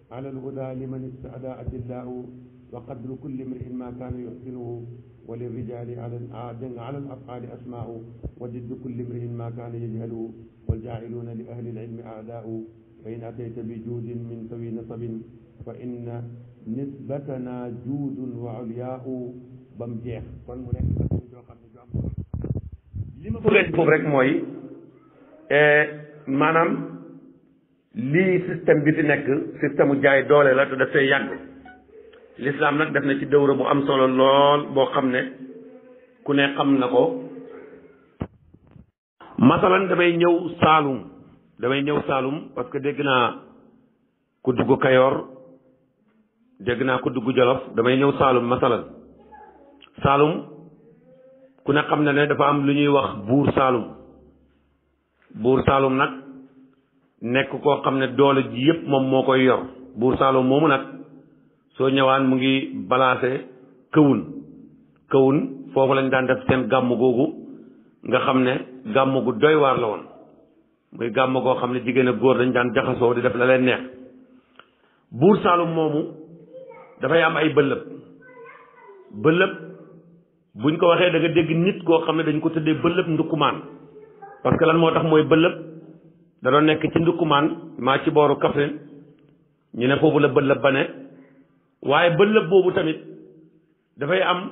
ala alhuda liman istada adillahu wa qadru kulli mriin ma kaana yuxsinuhu wa lirrijali ala dégg nga ala alafali asmaau wa diddu kulli mriin ma kaana yajhaluhu waljaaciluuna li ahli alilmi aadaau fa in atayta bi juudin min sawi nasabin fa inna nisbatana juudun wa ulyaau ba mu jeex kon mu nekk ak joo xam ne joo
am li ma
bëgg foofu rek mooy eh, maanaam lii système bi fi nekk système u jaay doole la te daf fay yàgg l'islam nag def na ci dëwra bu am solo lool boo xam ne ku ne xam na ko masalan damay ñëw saalum damay ñëw saalum parce que dégg naa ku dugg kayoor dégg naa ku dugg jolof damay ñëw saalum masalan saalum ku ne xam na ne dafa am lu ñuy wax buur saalum buur saalum nag nekk koo xam ne doole ji yépp moom moo koy yor buur Saalum moomu nag soo ñëwaan mu ngi balaase këwun këwun foofu lañ daan def seen gàmm googu nga xam ne gàmm gu doy waar la woon muy gàmm goo xam ne jigéen ak góor dañ daan jaxasoo di def la leen neex buur Saalum moomu dafay am ay bëlëb bëllëb bëllëb buñ ko waxee da nga dégg nit koo xam ne dañ ko tëddee bëllëb ndukkumaan parce que lan moo tax mooy bëllëb da nekk ci ndukkumaan maa ci booru Kaffrine ñu ne foofu la bëllëb ba ne waaye bëllëb boobu tamit dafay am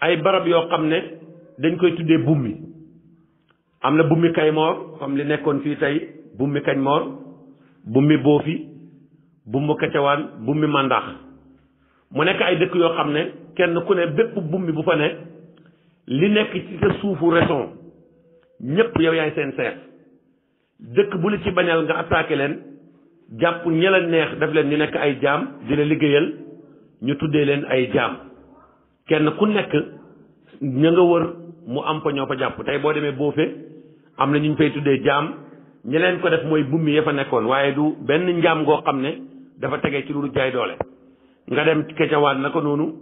ay barab yoo xam ne dañ koy tuddee bummi am na bummi Kaymoor comme li nekkoon fii tey bummi Kaymoor bummi Boofi bummi Kacawaan bummi Mandax mu nekk ay dëkk yoo xam ne kenn ku ne bépp bummi bu fa ne li nekk ci sa suufu raison ñépp yow yaay seen seet dëkk bu la ci bañal nga attaqué leen jàpp ña neex def leen ñu nekk ay jaam di la liggéeyal ñu tuddee leen ay jaam kenn ku nekk ña nga wër mu am fa ñoo fa jàpp tey boo demee boo am na ñu ñu fay tuddee jaam ñi leen ko def mooy bummi ya fa nekkoon waaye du benn njaam goo xam ne dafa tegee ci lu jaay doole nga dem kecawaan naka noonu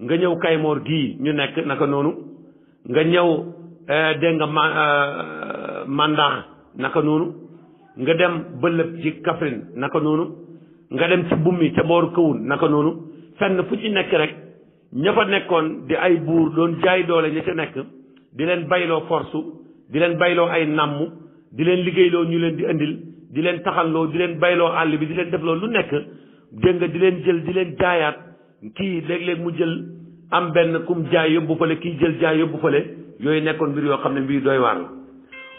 nga ñëw kaymoor gii ñu nekk naka noonu nga ñëw eh, dégg nga eh, naka noonu nga dem bëllëb ci Kaffrine naka noonu nga dem ci bummi ca booru Kawun naka noonu fenn fu ci nekk rek ña nekkoon di ay buur doon jaay doole ña ca nekk di leen bayloo force di leen bayloo ay nàmm di leen liggéeyloo ñu leen di indil di leen taxanloo di leen bayloo àll bi di leen defloo lu nekk dégg di leen jël di leen jaayaat kii léeg-léeg mu jël am benn kum jaay yóbbu fale kii jël jaay yóbbu fale yooyu nekkoon mbir yoo xam ne mbir doy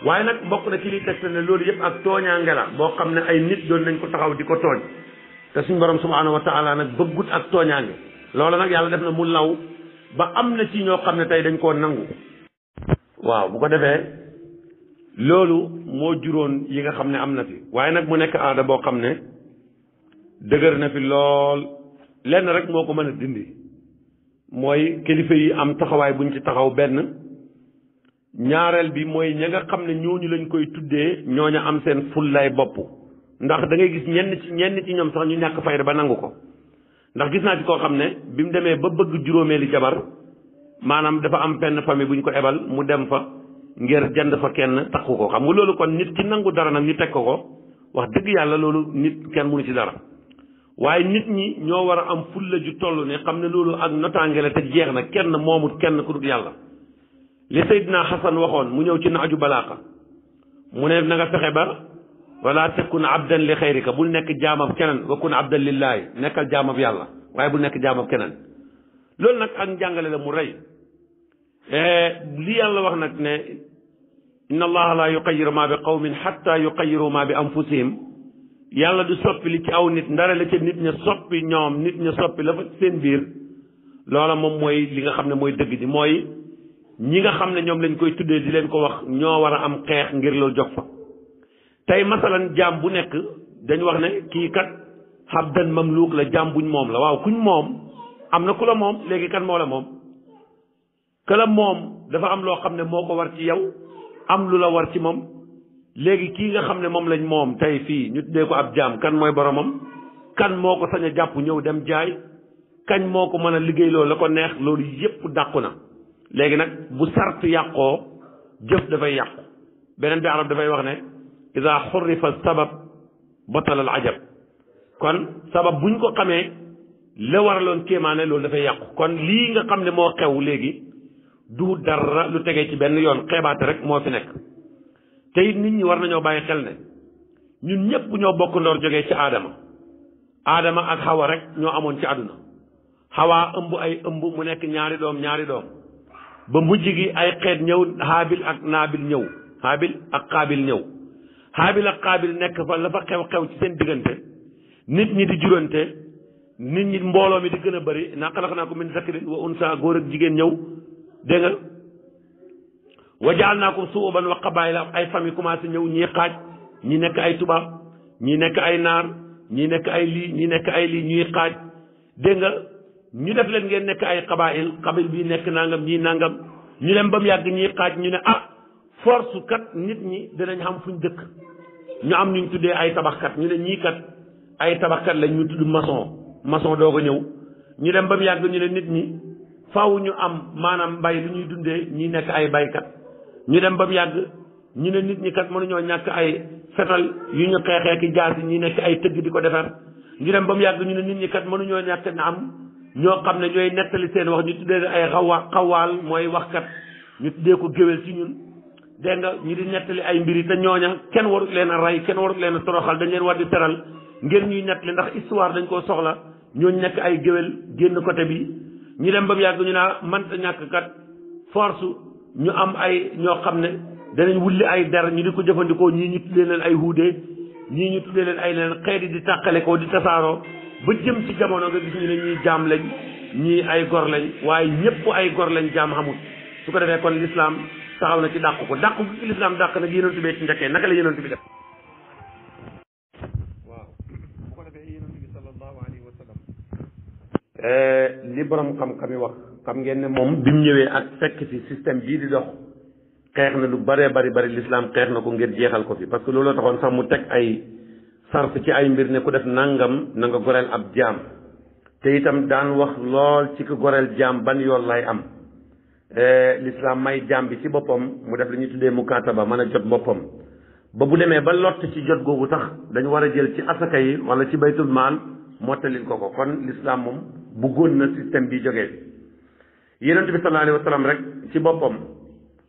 waaye nag bokk na ci liy tegte ne loolu yëpp ak tooñaange la boo xam ne ay nit doon nañ ko taxaw di ko tooñ te suñ borom subhanahu wa taala nag bëggut ak tooñaange loola nag yàlla def na mu law ba am na ci ñoo xam ne tey dañ koo nangu waaw bu ko defee loolu moo juróon yi nga xam ne am na fi waaye nag mu nekk aada boo xam ne dëgër na fi lool lenn rek moo ko mën a dindi mooy kilifa yi am taxawaay buñ ci taxaw benn ñaareel bi mooy ña nga xam ne ñooñu lañu koy tuddee ñoo ñooñu am seen fullaay bopp ndax dangay gis ñenn ci ñenn ci ñoom sax ñu ñàkk fayda ba nangu ko ndax gis naa ci koo xam ne bi mu demee ba bëgg juróomeeli jabar maanaam dafa am benn famille bu ñu ko ebal mu dem fa ngir jënd fa kenn takku ko xam nga loolu kon nit ki nangu dara nag ñu teg ko ko wax dëgg yàlla loolu nit kenn mënu ci dara waaye nit ñi ñoo war a am fulla ju toll ne xam ne loolu ak notaange la jeex na kenn moomut kenn ku yàlla li Seydina Xasan waxoon mu ñëw ci aju balaaxa mu ne na nga fexe ba wala takun abdan li xayrika bul nekk jaamab keneen wa kun abdan lillaahi nekkal jaamab yàlla waaye bul nekk jaamab keneen loolu nag ak njàngale la mu rey eh, li yàlla wax nag ne inna allaha la yuqayiru ma bi qawmin xatta yuqayiru ma bi anfusihim yàlla di soppi li ci aw nit ndara la ca nit ña soppi ñoom nit ña soppi la fa seen biir loola moom mooy li nga xam ne mooy dëgg ji mooy ñi nga xam ne ñoom lañ koy tuddee di leen ko wax ñoo war a am xeex ngir loolu jox fa tey masalan jaam bu nekk dañ wax ne kii kat habdan mamluuk la jaam buñ moom la waaw kuñ moom am na ku la moom léegi kan moo moom que moom dafa am loo xam ne moo ko war ci yow am lu la war ci moom léegi kii nga xam ne moom lañ moom tey fii ñu tuddee ko ab jaam kan mooy boromam kan moo ko sañ a jàpp ñëw dem jaay kañ moo ko mën a liggéey loolu la ko neex loolu yépp dàqu na léegi nag bu sart yàqoo jëf dafay yàqu beneen bi arab dafay wax ne ida xurrifa sabab batal al ajab kon sabab buñ ko xamee la waraloon kéemaane loolu dafay yàqu kon lii nga xam ne moo xew léegi du dara lu tegee ci benn yoon xeebaate rek moo fi nekk te it nit ñi war nañoo bàyyi xel ne ñun ñëpp ñoo bokk ndoor ci aadama aadama ak xawa rek ñoo amoon ci àdduna xawaa ëmb ay ëmb mu nekk ñaari doom ñaari doom ba mu gi ay xeet ñëw xaabil ak naabil ñëw xaabil ak xaabil ñëw xaabil ak xaabil nekk fa la fa xew-xew ci seen diggante nit ñi di jurante nit ñi mbooloo mi di gën a bari naa xalaq naa ko min zakarin wa unsa góor ak jigéen ñëw dégg nga wajaal naa ko suuban wa qabaayila ay famille commencé ñëw ñii xaaj ñi nekk ay tubaab ñi nekk ay naar ñii nekk ay lii ñi nekk ay lii ñuy xaaj dégg nga ñu def leen ngeen nekk ay xabaayil xabil bi nekk nangam ñii nangam ñu dem ba mu yàgg ñii xaaj ñu ne ah force kat nit ñi dinañ xam fuñ dëkk ñu am ñu tuddee ay tabaxkat ñu ne ñii kat ay tabaxkat lañ ñu tudd maçon maçon doog a ñëw ñu dem ba mu yàgg ñu ne nit ñi faaw ñu am maanaam mbay lu ñuy dundee ñu nekk ay baykat ñu dem ba mu yàgg ñu ne nit ñi kat ñoo ñàkk ay fetal yu ñu xeexee ki jaas yi ñu nekk ay tëgg di ko defar ñu dem ba mu yàgg ñu ne nit ñi kat mënuñoo ñàkk na am. ñoo xam ne ñooy nettali seen wax ñu tuddee ay xawa xawaal mooy wax kat ñu tuddee ko géwél ci ñun dégg nga ñu di nettali ay mbir yi te ñooña kenn warut leen a rey kenn warut leen a toroxal dañ leen war di teral ngeen ñuy nettali ndax histoire dañ koo soxla ñooñu nekk ay géwél génn côté bi ñu dem ba mu yàgg ñu naa mënta ñàkk kat force ñu am ay ñoo xam ne danañ wulli ay der ñu di ko jëfandikoo ñii ñu tuddee leen ay huude ñii ñu tuddee leen ay leen xeet yi di tàqale ko di tasaaroo ba jëm ci jamono nga gis ñu ne ñuy jaam lañ ñii ay gor lañ waaye ñépp ay gor lañ jaam xamut su ko defee kon lislaam saxaw na ci dàq ko dàq ko ci lislaam dàq nag yonent bi ci njëkkee naka la bi def waaw bu ko defee yonent bi sallallahu alayhi wa sallam eh, li borom xam-xam yi wax xam ngeen ne moom bi mu ñëwee ak fekk ci système bii di dox xeex na lu bëree bari bari lislaam xeex na ko ngir jeexal ko fi parce que looloo taxoon sax mu teg ay sarf ci ay mbir ne ku def nangam nanga nga goreel ab jaam te itam daan wax lool ci ko goreel jaam ban yoon lay am e, lislaam may jaam bi ci boppam mu def li ñuy tuddee mukaataba mën a jot boppam ba bu demee ba lott ci jot googu sax dañu war a jël ci asaka yi wala ci baytul maal mottalil ko ko kon lislaam moom bëggoon na système bi jógee yonent bi sallallahu alayhi wa rek ci boppam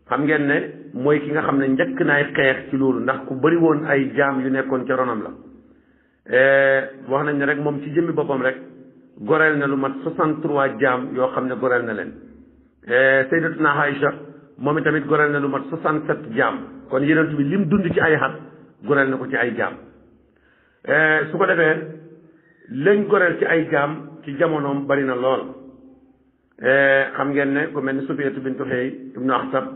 xam ngeen ne mooy ki nga xam ne njëkk naay xeex ci loolu ndax ku bari woon ay jaam yu nekkoon ca ronam la Eh, wax nañ ne rek moom ci jëmmi boppam rek goreel na lu mat 63 jaam yoo xam ne goreel na leen eh, sayyidatuna Aïcha moom i tamit goreel na lu mat 67 jaam kon yonent bi lim dund ci ay xat goreel na ko ci ay jaam eh, su ko defee lañ goreel ci ay jaam ci jamonoom bari na lool xam ngeen ne ku mel ni Sufiyatu bintu Xëy ibnu Axtab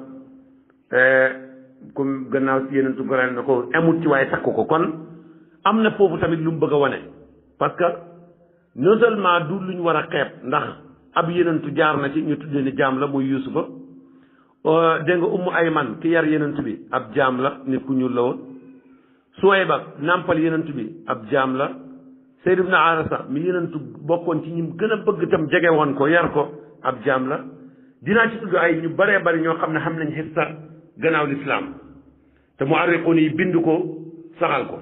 ku gannaaw si yonentu goreel na ko amut ci waaye takku ko kon am na foofu tamit lu mu bëgg a wane parce que non seulement lu ñu war a xeeb ndax ab yenentu jaar na ci ñu tuddee ni jaam la muy yuusufa euh, dégg nga ay man ki yar yenentu bi ab jaam la nit ku ñuul la woon yenentu bi ab jaam la seyd ibn bokkoon ci ñim gën a bëgg tam jege woon ko yar ab jaam la dinaa ñu baree bari ñoo xam ne xam nañ xista gannaaw lislaam te mu arriqoon yi bind ko saxal ko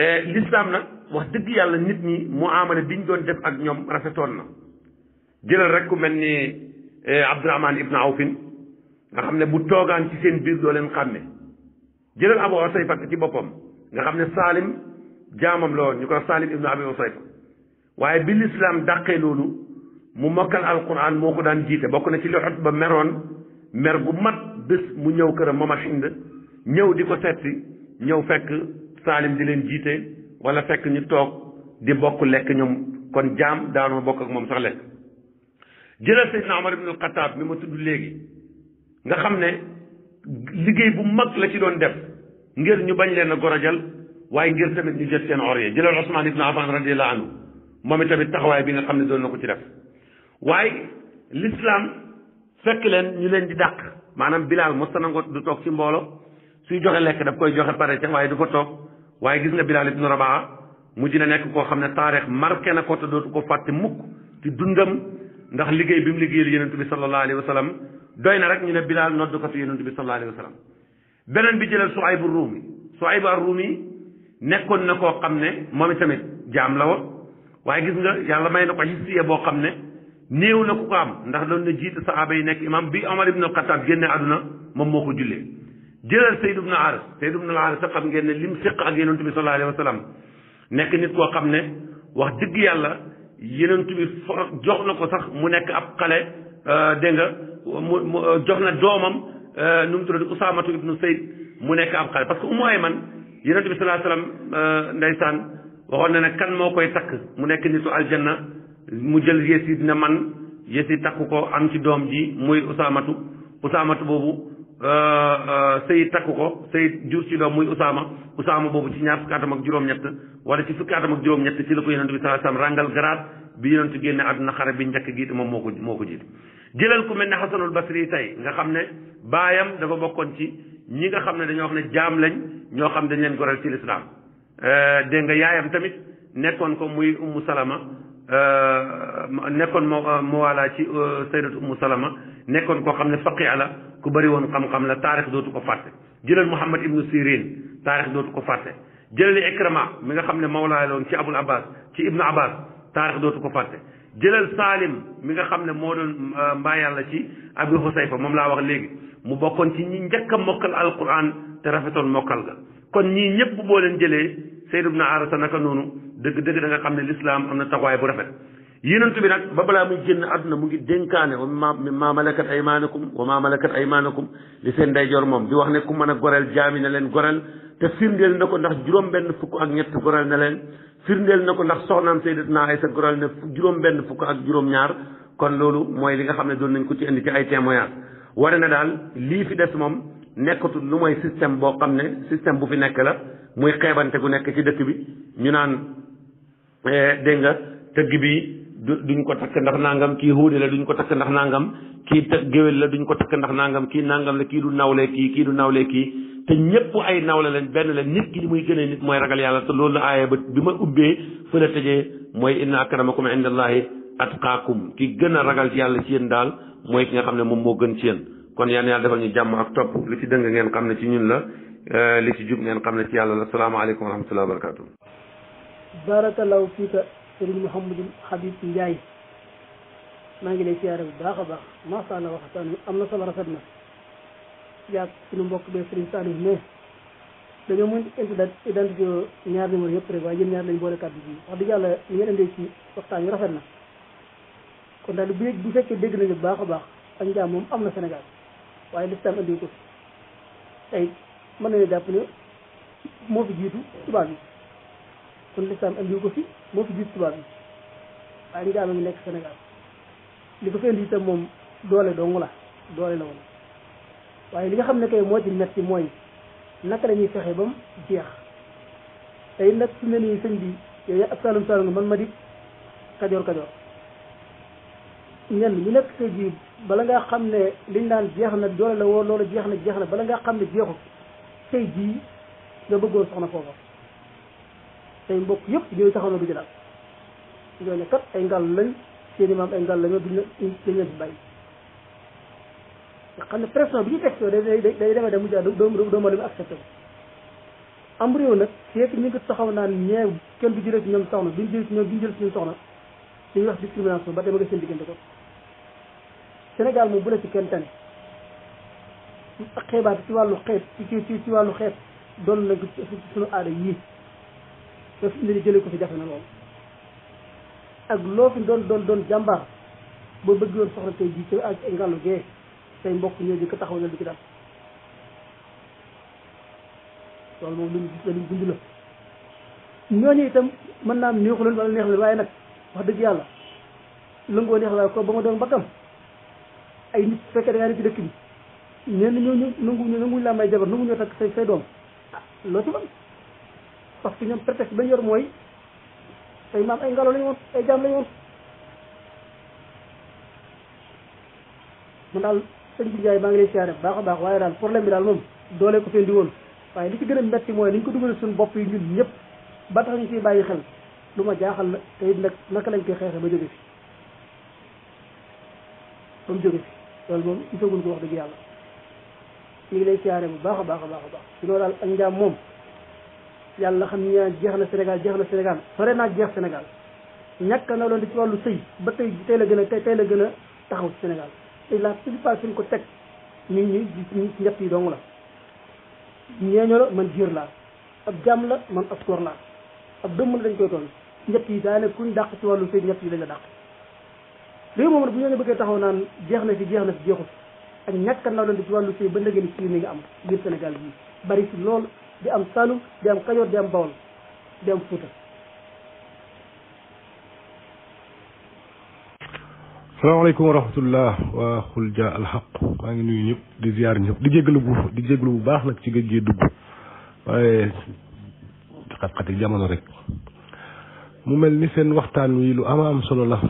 Eh, l'islam nag wax dëgg yàlla nit ñi mu amale biñ doon def ak ñoom rafetoon na jëlal rek ku mel ni eh, Abdourahman ibn Awfin nga xam ne bu toogaan ci seen biir doo leen xàmme jëlal Abu Usayfa ci boppam nga xam ne saalim jaamam la woon ñu ko wax Salim ibn Usayfa waaye bi l'islam dàqee loolu mu mokkal alquran moo ko daan jiite bokk na ci li ba meroon mer bu mat bés mu ñëw këram Momar Hind ñëw di ko setti ñëw fekk saalim di leen jiite wala fekk ñu toog di bokk lekk ñoom kon jaam daanoo bokk ak moom sax lekk jëlal Seydina na ibn al-Khattab mi ma tudd léegi nga xam ne liggéey bu mag la ci doon def ngir ñu bañ leen a gorojal waaye ngir tamit ñu jot or yi jëlal Ousmane ibn Affan radiyallahu anhu moom itamit taxawaay bi nga xam ne doon na ko ci def waaye l'islam fekk leen ñu leen di dàq maanaam Bilaal mos sa nangoo du toog ci mboolo suy joxe lekk daf koy joxe pare ca waaye du fa toog waaye gis nga Bilal ibn mu ji na nekk koo xam ne taarix marqué na ko te dootu ko fàtte mukk ci dundam ndax liggéey bi mu liggéeyal yonent bi sallallahu alayhi wa sallam doy na rek ñu ne Bilal noddukatu yonent bi sallallahu alayhi wa sallam beneen bi jëlal Suaybu Ruumi Suaybu Ruumi nekkoon na koo xam ne moom tamit jaam la woon waaye gis nga yàlla may na ko hissiya boo xam ne néew na ku ko am ndax doon na jiite sahaaba yi nekk imam bi Omar ibn Xattaab génne àdduna moom moo ko jëlal Sayd ibn Haaris Sayd ibn Haaris xam ngeen lim séq ak yonent bi sallallahu alayhi wa sallam nekk nit koo xam ne wax dëgg yàlla yonent bi for jox na ko sax mu nekk ab xale euh, dégg nga mu euh, jox na doomam euh, nu mu tuddati Usaamatu ibnu Sayd mu nekk ab xale parce que Ummu man yonent bi sallallahu alayhi wa sallam na kan moo koy takk mu nekk nitu aljanna mu jël Yasiid na man Yasiid takk ko am ci doom ji muy Usaamatu Usaamatu boobu. Euh, euh, sayid takk ko sayid jur ci doom muy usaama usaama boobu ci ñaar fukki ak juróom-ñett wala ci fukki atam ak juróom-ñett ci la ko yonent bi sallallahu alayhi wasallam rangal garaat bi yonent génne àdduna xare bi njëkk gi moom moo ko moo ko jiit jëlal ku mel ne xasanul basri tey nga xam ne baayam dafa bokkoon ci ñi nga xam ne dañoo wax ne jaam lañ ñoo xam dañ leen goreel ci lislaam euh, dégg nga yaayam tamit nekkoon ko muy ummu salama nekkoon mo mo wala ci sayyidatu ummu salama nekkoon koo xam ne faqi ala ku bëri woon xam-xam la taarix dootu ko fàtte jëlal Muhammad ibnu Sirin taarix dootu ko fàtte jëlal Ikrama mi nga xam ne mawlaay la woon ci Abul Abbas ci Ibnu Abbas taarix dootu ko fàtte jëlal Salim mi nga xam ne moo doon euh, mbaa yàlla ci Abi Xusayfa moom laa wax léegi mu bokkoon ci ñi njëkk a mokkal alquran te rafetoon mokkal ga kon ñii ñëpp boo leen jëlee Seyd ibnu Arasa naka noonu dëgg-dëgg da xam ne lislaam am na taxawaay bu rafet yonent bi nag ba balaa muy génn àdduna mu ngi dénkaane ma ma malakat aymaanakum wa ma malakat aymaanakum li seen joor moom bi wax ne ku mën a goreel jaami na leen goreel te firndeel na ko ndax juróom benn fukk ak ñett goreel na leen firndeel na ko ndax soxnaam sayyidatuna Aysa goreel na juróom benn fukk ak juróom ñaar kon loolu mooy li nga xam ne doon nañ ko ci indi ci ay témoignage ware na daal lii fi des moom nekkatul lu mooy système boo xam ne système bu fi nekk la muy xeebante gu nekk ci dëkk bi ñu naan eh, dégg nga tëgg bi duñ ko takk ndax nangam kii huude la duñ ko takk ndax nangam kii takk géwél la duñ ko takk ndax nangam kii nangam la kii du nawle kii kii du nawle kii te ñëpp ay nawle la benn la nit ki li muy gënee nit mooy ragal yàlla te loolu la aaya ba bi ma ubbee fa la tëjee mooy inna akramakum indallahi atqaakum ki gën a ragal yàlla ci yéen daal mooy ki nga xam ne moom moo gën ci yéen kon yaan yàlla defal ñu jàmm ak topp li ci dëng ngeen xam ne ci ñun la eh, li ci jub ngeen xam ne ci yàlla la salaamaaleykum wa rahmatullahi wa barakatuh
xam sëriñ Mouhamadou Habib Ndiaye maa ngi lay siyaare bu baax a baax macha allah waxtaan am na solo rafet na yàgg suñu mbokk de sëriñ Saliou ne dañoo mën identifié ñaar numéro yëpp rek waaye yéen ñaar lañ boole bi wax dëgg yàlla li ngeen indee ci waxtaan yi rafet na kon daal bu bu fekkee dégg nañu bu baax a baax ak njaam am na Sénégal waaye lislam indi ko fi tey mën nañu jiitu tubaab bi kon lislaam andiwu ko fi moo fi gis tubaab bi waaye li daama ngi nekk Sénégal li ko fi indi itam moom doole dong la doole la woon waaye li nga xam ne kay moo ci metti mooy naka la ñuy fexe ba mu jeex tey nag su ne nii sëñ bi yow yaa ab saalum saalum nga man ma di kajoor kajoor ñenn ñu nekk tey jii bala nga xam ne liñ naan jeex na doole la woon loolu jeex na jeex na bala ngaa xam ne jeexu tey jii nga bëggoon soxna foofa say mbokk yëpp ñooy taxaw na du ci dal ñooñu kat ay ngal lañ seen i maam ay ngàll lañoo du la dañ leen bàyyi nga xam ne pression bi ñu teg day day day day demee dem mujj doo doo doo mën a accepté ko am réew nag fekk ñu ngi taxaw naan ñeew kenn du jëlee ci ñoom soxna duñ jël ci ñoom duñ jël ci ñoom wax discrimination ba tey ma nga seen diggante ko Sénégal moom bu la ci kenn tane ak xeebaat ci wàllu xeet ci ci ci wàllu xeet doon na ci suñu aada yii te jëlee ko fi jafe na lool ak loo doon doon doon jàmbaar boo bëgg woon soxla tey jii ak ay ngàllu gee say mbokk ñoo jëkk taxaw na lu ci dal loolu moom lu ñu gis la lu ñu dund mën naa am neexu leen wala neex leen waaye nag wax dëgg yàlla lëngoo neex waaye ko ba ma doon mbaggam ay nit su fekkee da ngaa dëkk bi ñenn ñooñu nangu nanguñu laa may jabar nanguñoo takk say say doom ah loo ci parce que ñoom prétexte ba ñu yor mooy ay maam ay ngelaw lañu woon ay jaam lañu woon man daal sëñ bi Ndiaye maa ngi ay siyaare baax a baax waaye daal problème bi daal moom doole ko fi indi woon waaye li ci gën a mooy ni ñu ko suñu bopp yi ñun ñëpp ba tax ñu ciy bàyyi xel lu ma jaaxal la te it naka lañ koy xeexe ba jóge fi ba mu jóge fi loolu dëgg yàlla ñu ngi lay siyaare bu baax a baax a baax a baax si loolu daal ak njaam moom yàlla xam ñu naan jeex na Sénégal jeex na Sénégal sore naa jeex Sénégal ñàkk na loolu ci wàllu sëy ba tey tey la gën a gën a taxaw ci Sénégal te la plupart suñ ko teg nit ñi ñi ci la ñeeño la man jiir laa ab jàmm la man ab soor laa ab dëmm la dañ koy toll ñett yi daane kuñ ci wàllu sëy ñett yi lañ la dàq réew moom nag bu ñoo bëggee taxaw naan jeex na fi jeex na fi jeexut ak ñàkk na loolu ci wàllu sëy ba ndëgëni ci li nga am biir Sénégal bi bari si lool di am Saloum di am Kajoor di am Bawol di am Fuuta
salaamaaleykum wa rahmatullah waa xulja alxaq maa ngi nuyu ñëpp di ñëpp di jégalu bu di jégalu bu baax nag ci géej gee dugg waaye xat-xati jamono rek mu mel ni seen waxtaan wi lu ama am solo la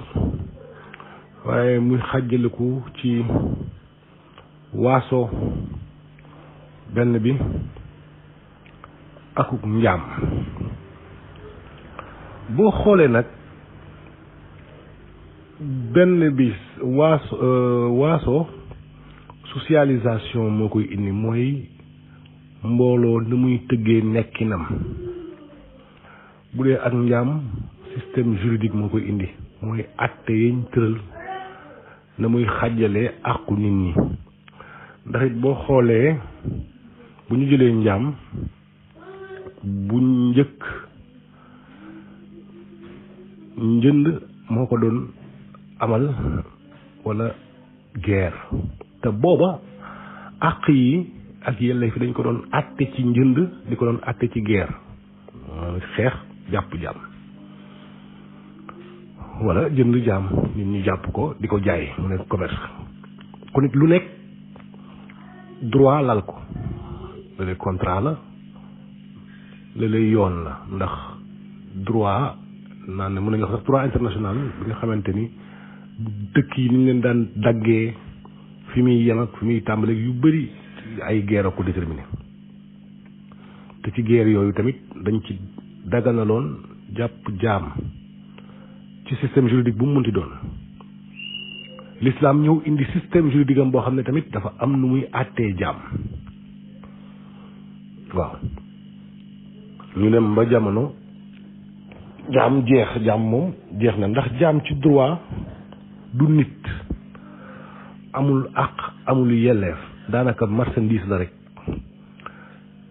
waaye muy xàjjaliku ci waaso benn bi akuk njaam boo xoolee nag benn bi euh, waaso socialisation moo koy indi mooy mbooloo ni muy tëggee nekkinam bu dee ak njaam système juridique moo koy indi mooy àtte yañ tëral na muy xajale àqu nit ñi ndax boo xoolee bu ñu jëlee njaam bu njëkk njënd moo ko doon amal wala guerre te booba àq yi ak yelleef fi dañ ko doon àtte ci njënd di ko doon àtte ci guerre xeex jàpp jaam wala jënd jaam nit ñu jàpp ko di ko jaay mu nekk commerce kon nit lu nekk droit lal ko léeg contrat la léeg yoon la ndax droit naan ne mën nañu wax sax droit international nga xamante ni dëkk yi ni leen daan daggee fi muy yem ak fi muy tàmbaleeg yu bari ay guerre ak ko déterminé te ci guerre yooyu tamit dañ ci loon jàpp jaam ci système juridique bu mu munti doon l'islam ñëw indi système juridique am boo xam ne tamit dafa am nu muy àttee jaam waaw ñu dem ba jamono jaam jeex jaam moom jeex na ndax jaam ci droit du nit amul àq amul yelleef daanaka marchandise la rek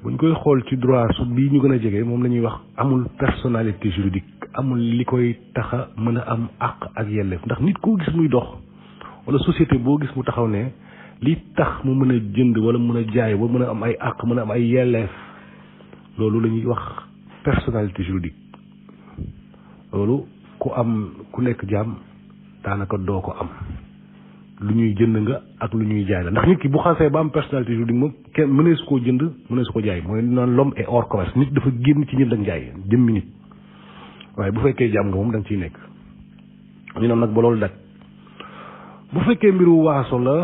buñ koy xool ci droit su bii ñu gën a jege moom la ñuy wax amul personnalité juridique amul li koy tax a mën a am àq ak yelleef ndax nit koo gis muy dox walla société boo gis mu taxaw ne li tax mu mën a jënd wala mën a jaay wala mën a am ay àq mën a am ay yelleef loolu la ñuy wax personnalité juridique loolu ku am ku nekk jaam daanaka doo ko am lu ñuy jënd nga ak lu ñuy jaay la ndax nit ki bu xasee ba am personnalité juridique moom kenn mënees koo jënd mënees ko jaay mooy naan lom est or commerce nit dafa génn ci ñënd ak jaay jëmmi nit waaye bu fekkee jaam nga moom da ciy nekk ñu noonu nag ba loolu daj bu fekkee mbiru waaso la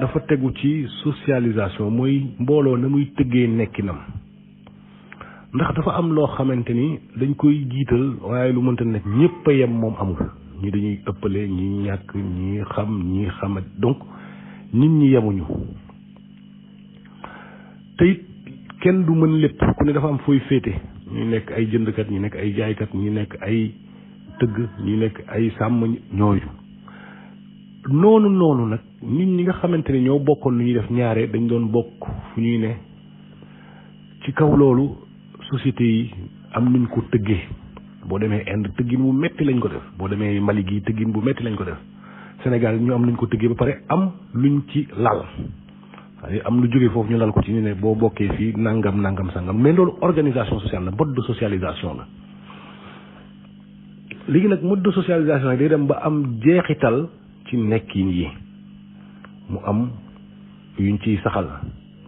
dafa tegu ci socialisation mooy mbooloo na muy tëggee nekkinam ndax dafa am loo xamante ni dañ koy jiital waaye lu mënta nekk ñëpp yem moom amul ñi dañuy ëppale ñi ñàkk ñi xam ñi xamat donc nit ñi yemuñu te kenn du mën lépp ku ne dafa am fooy féete ñu nekk ay jëndkat ñu nekk ay jaaykat ñu nekk ay tëgg ñu nekk ay sàmm ñooñu noonu noonu nag nit ñi nga xamante ni ñoo bokkoon lu ñuy def ñaare dañ doon bokk fu ñuy ne ci kaw loolu société yi am nuñ ko tëggee boo demee Inde tëggin bu metti lañ ko def boo demee Mali gi tëggin bu metti lañ ko def Sénégal ñu am luñ ko tëggee ba pare am luñ ci lal waaye am lu jógee foofu ñu lal ko ci ñu ne boo bokkee si nangam nangam sangam mais loolu organisation sociale la mode de socialisation la léegi nag mode de socialisation nag day dem ba am jeexital ci nekkin yi mu am yuñ ciy saxal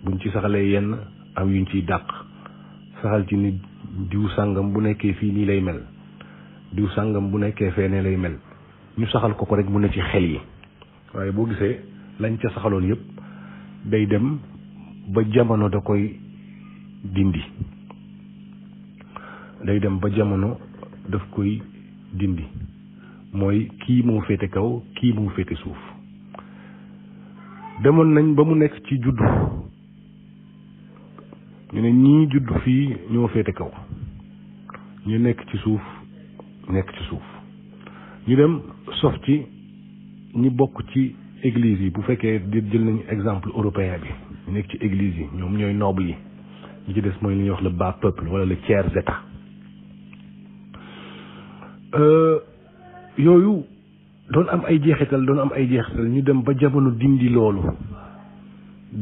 buñ ci saxalee yenn am yuñ ciy dàq saxal ci ni diw sàngam bu nekkee fii nii lay mel diw sàngam bu nekkee fee ne lay mel ñu saxal ko ko rek mu ne ci xel yi waaye boo gisee lañ ca saxaloon yépp day dem ba jamono da koy dindi day dem ba jamono daf koy dindi mooy kii moo féete kaw kii moo féete suuf demoon nañ ba mu nekk ci juddu ñu ne ñii judd fii ñoo féete kaw ñu nekk ci suuf nekk ci suuf ñu dem sof ci ñi bokk ci église yi bu fekkee di jël nañu exemple européen bi ñu nekk ci église yi ñoom ñooy noble yi ñu ci des mooy li wax le bas peuple wala le tiers état euh, yooyu doon am ay jeexital doon am ay jeexital ñu dem ba jamono dindi loolu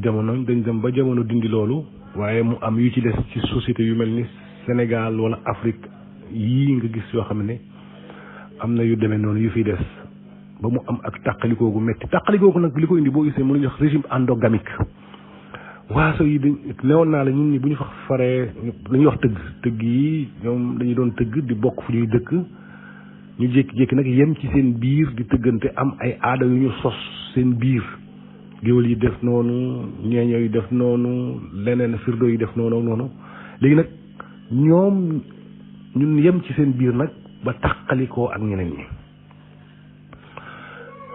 jamono dañ dem ba jamono dindi loolu waaye mu am yu ci des ci société yu mel ni Sénégal wala Afrique yii nga gis yoo xam ne am na yu deme noonu yu fiy des ba mu am ak tàqalikoo ku métti tàqalikoo gu nag li ko indi boo gisee mu ñu wax régime endogamique waaso yi dañ newoon naa la ñun ñi bu ñu fa faree lu wax tëgg tëgg yi ñoom dañuy doon tëgg di bokk fu ñuy dëkk ñu jékki-jékki nag yem ci seen biir di tëggante am ay aada yu ñu sos seen biir géwél yi def noonu ñeeño yi def noonu leneen firdo yi def noonu noonu léegi nag ñoom ñun yem ci seen biir nag ba tàqalikoo ak ñeneen ñi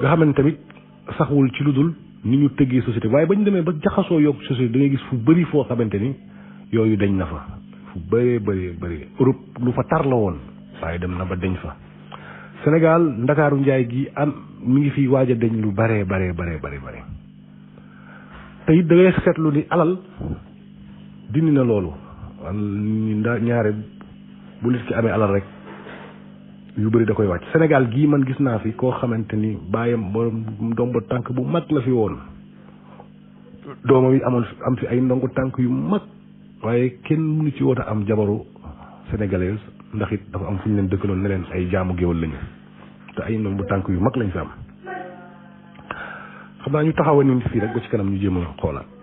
nga xamante tamit saxwul ci lu dul ni ñu tëggee société waaye ba ñu demee ba jaxasoo yokk société da gis fu bari foo xamante ni yooyu dañ na fa fu bëree bari bëri Europe lu fa tar la woon waaye dem na ba dañ fa Sénégal ndakaaru njaay gi am mu ngi fi waaj a dañ lu bëree bari bëree bari bëri te it da ngay seetlu ni alal dindi na loolu alal ñaare bu nit ki amee alal rek yu bari da koy wàcc Sénégal gii man gis naa fi koo xamante ni bàyyam borom ndombo tànk bu mag la fi woon doomam yi amoon am fi ay ndongo tànk yu mag waaye kenn mënu ci woot a am jabaru sénégalaise ndax it dafa am fu ñu leen dëkkaloon ne ay jaamu géwal lañu te ay ndongo tànk yu mag lañ fi am xam naa ñu taxawa ni fii rek ba ci kanam ñu jéem a xoolaat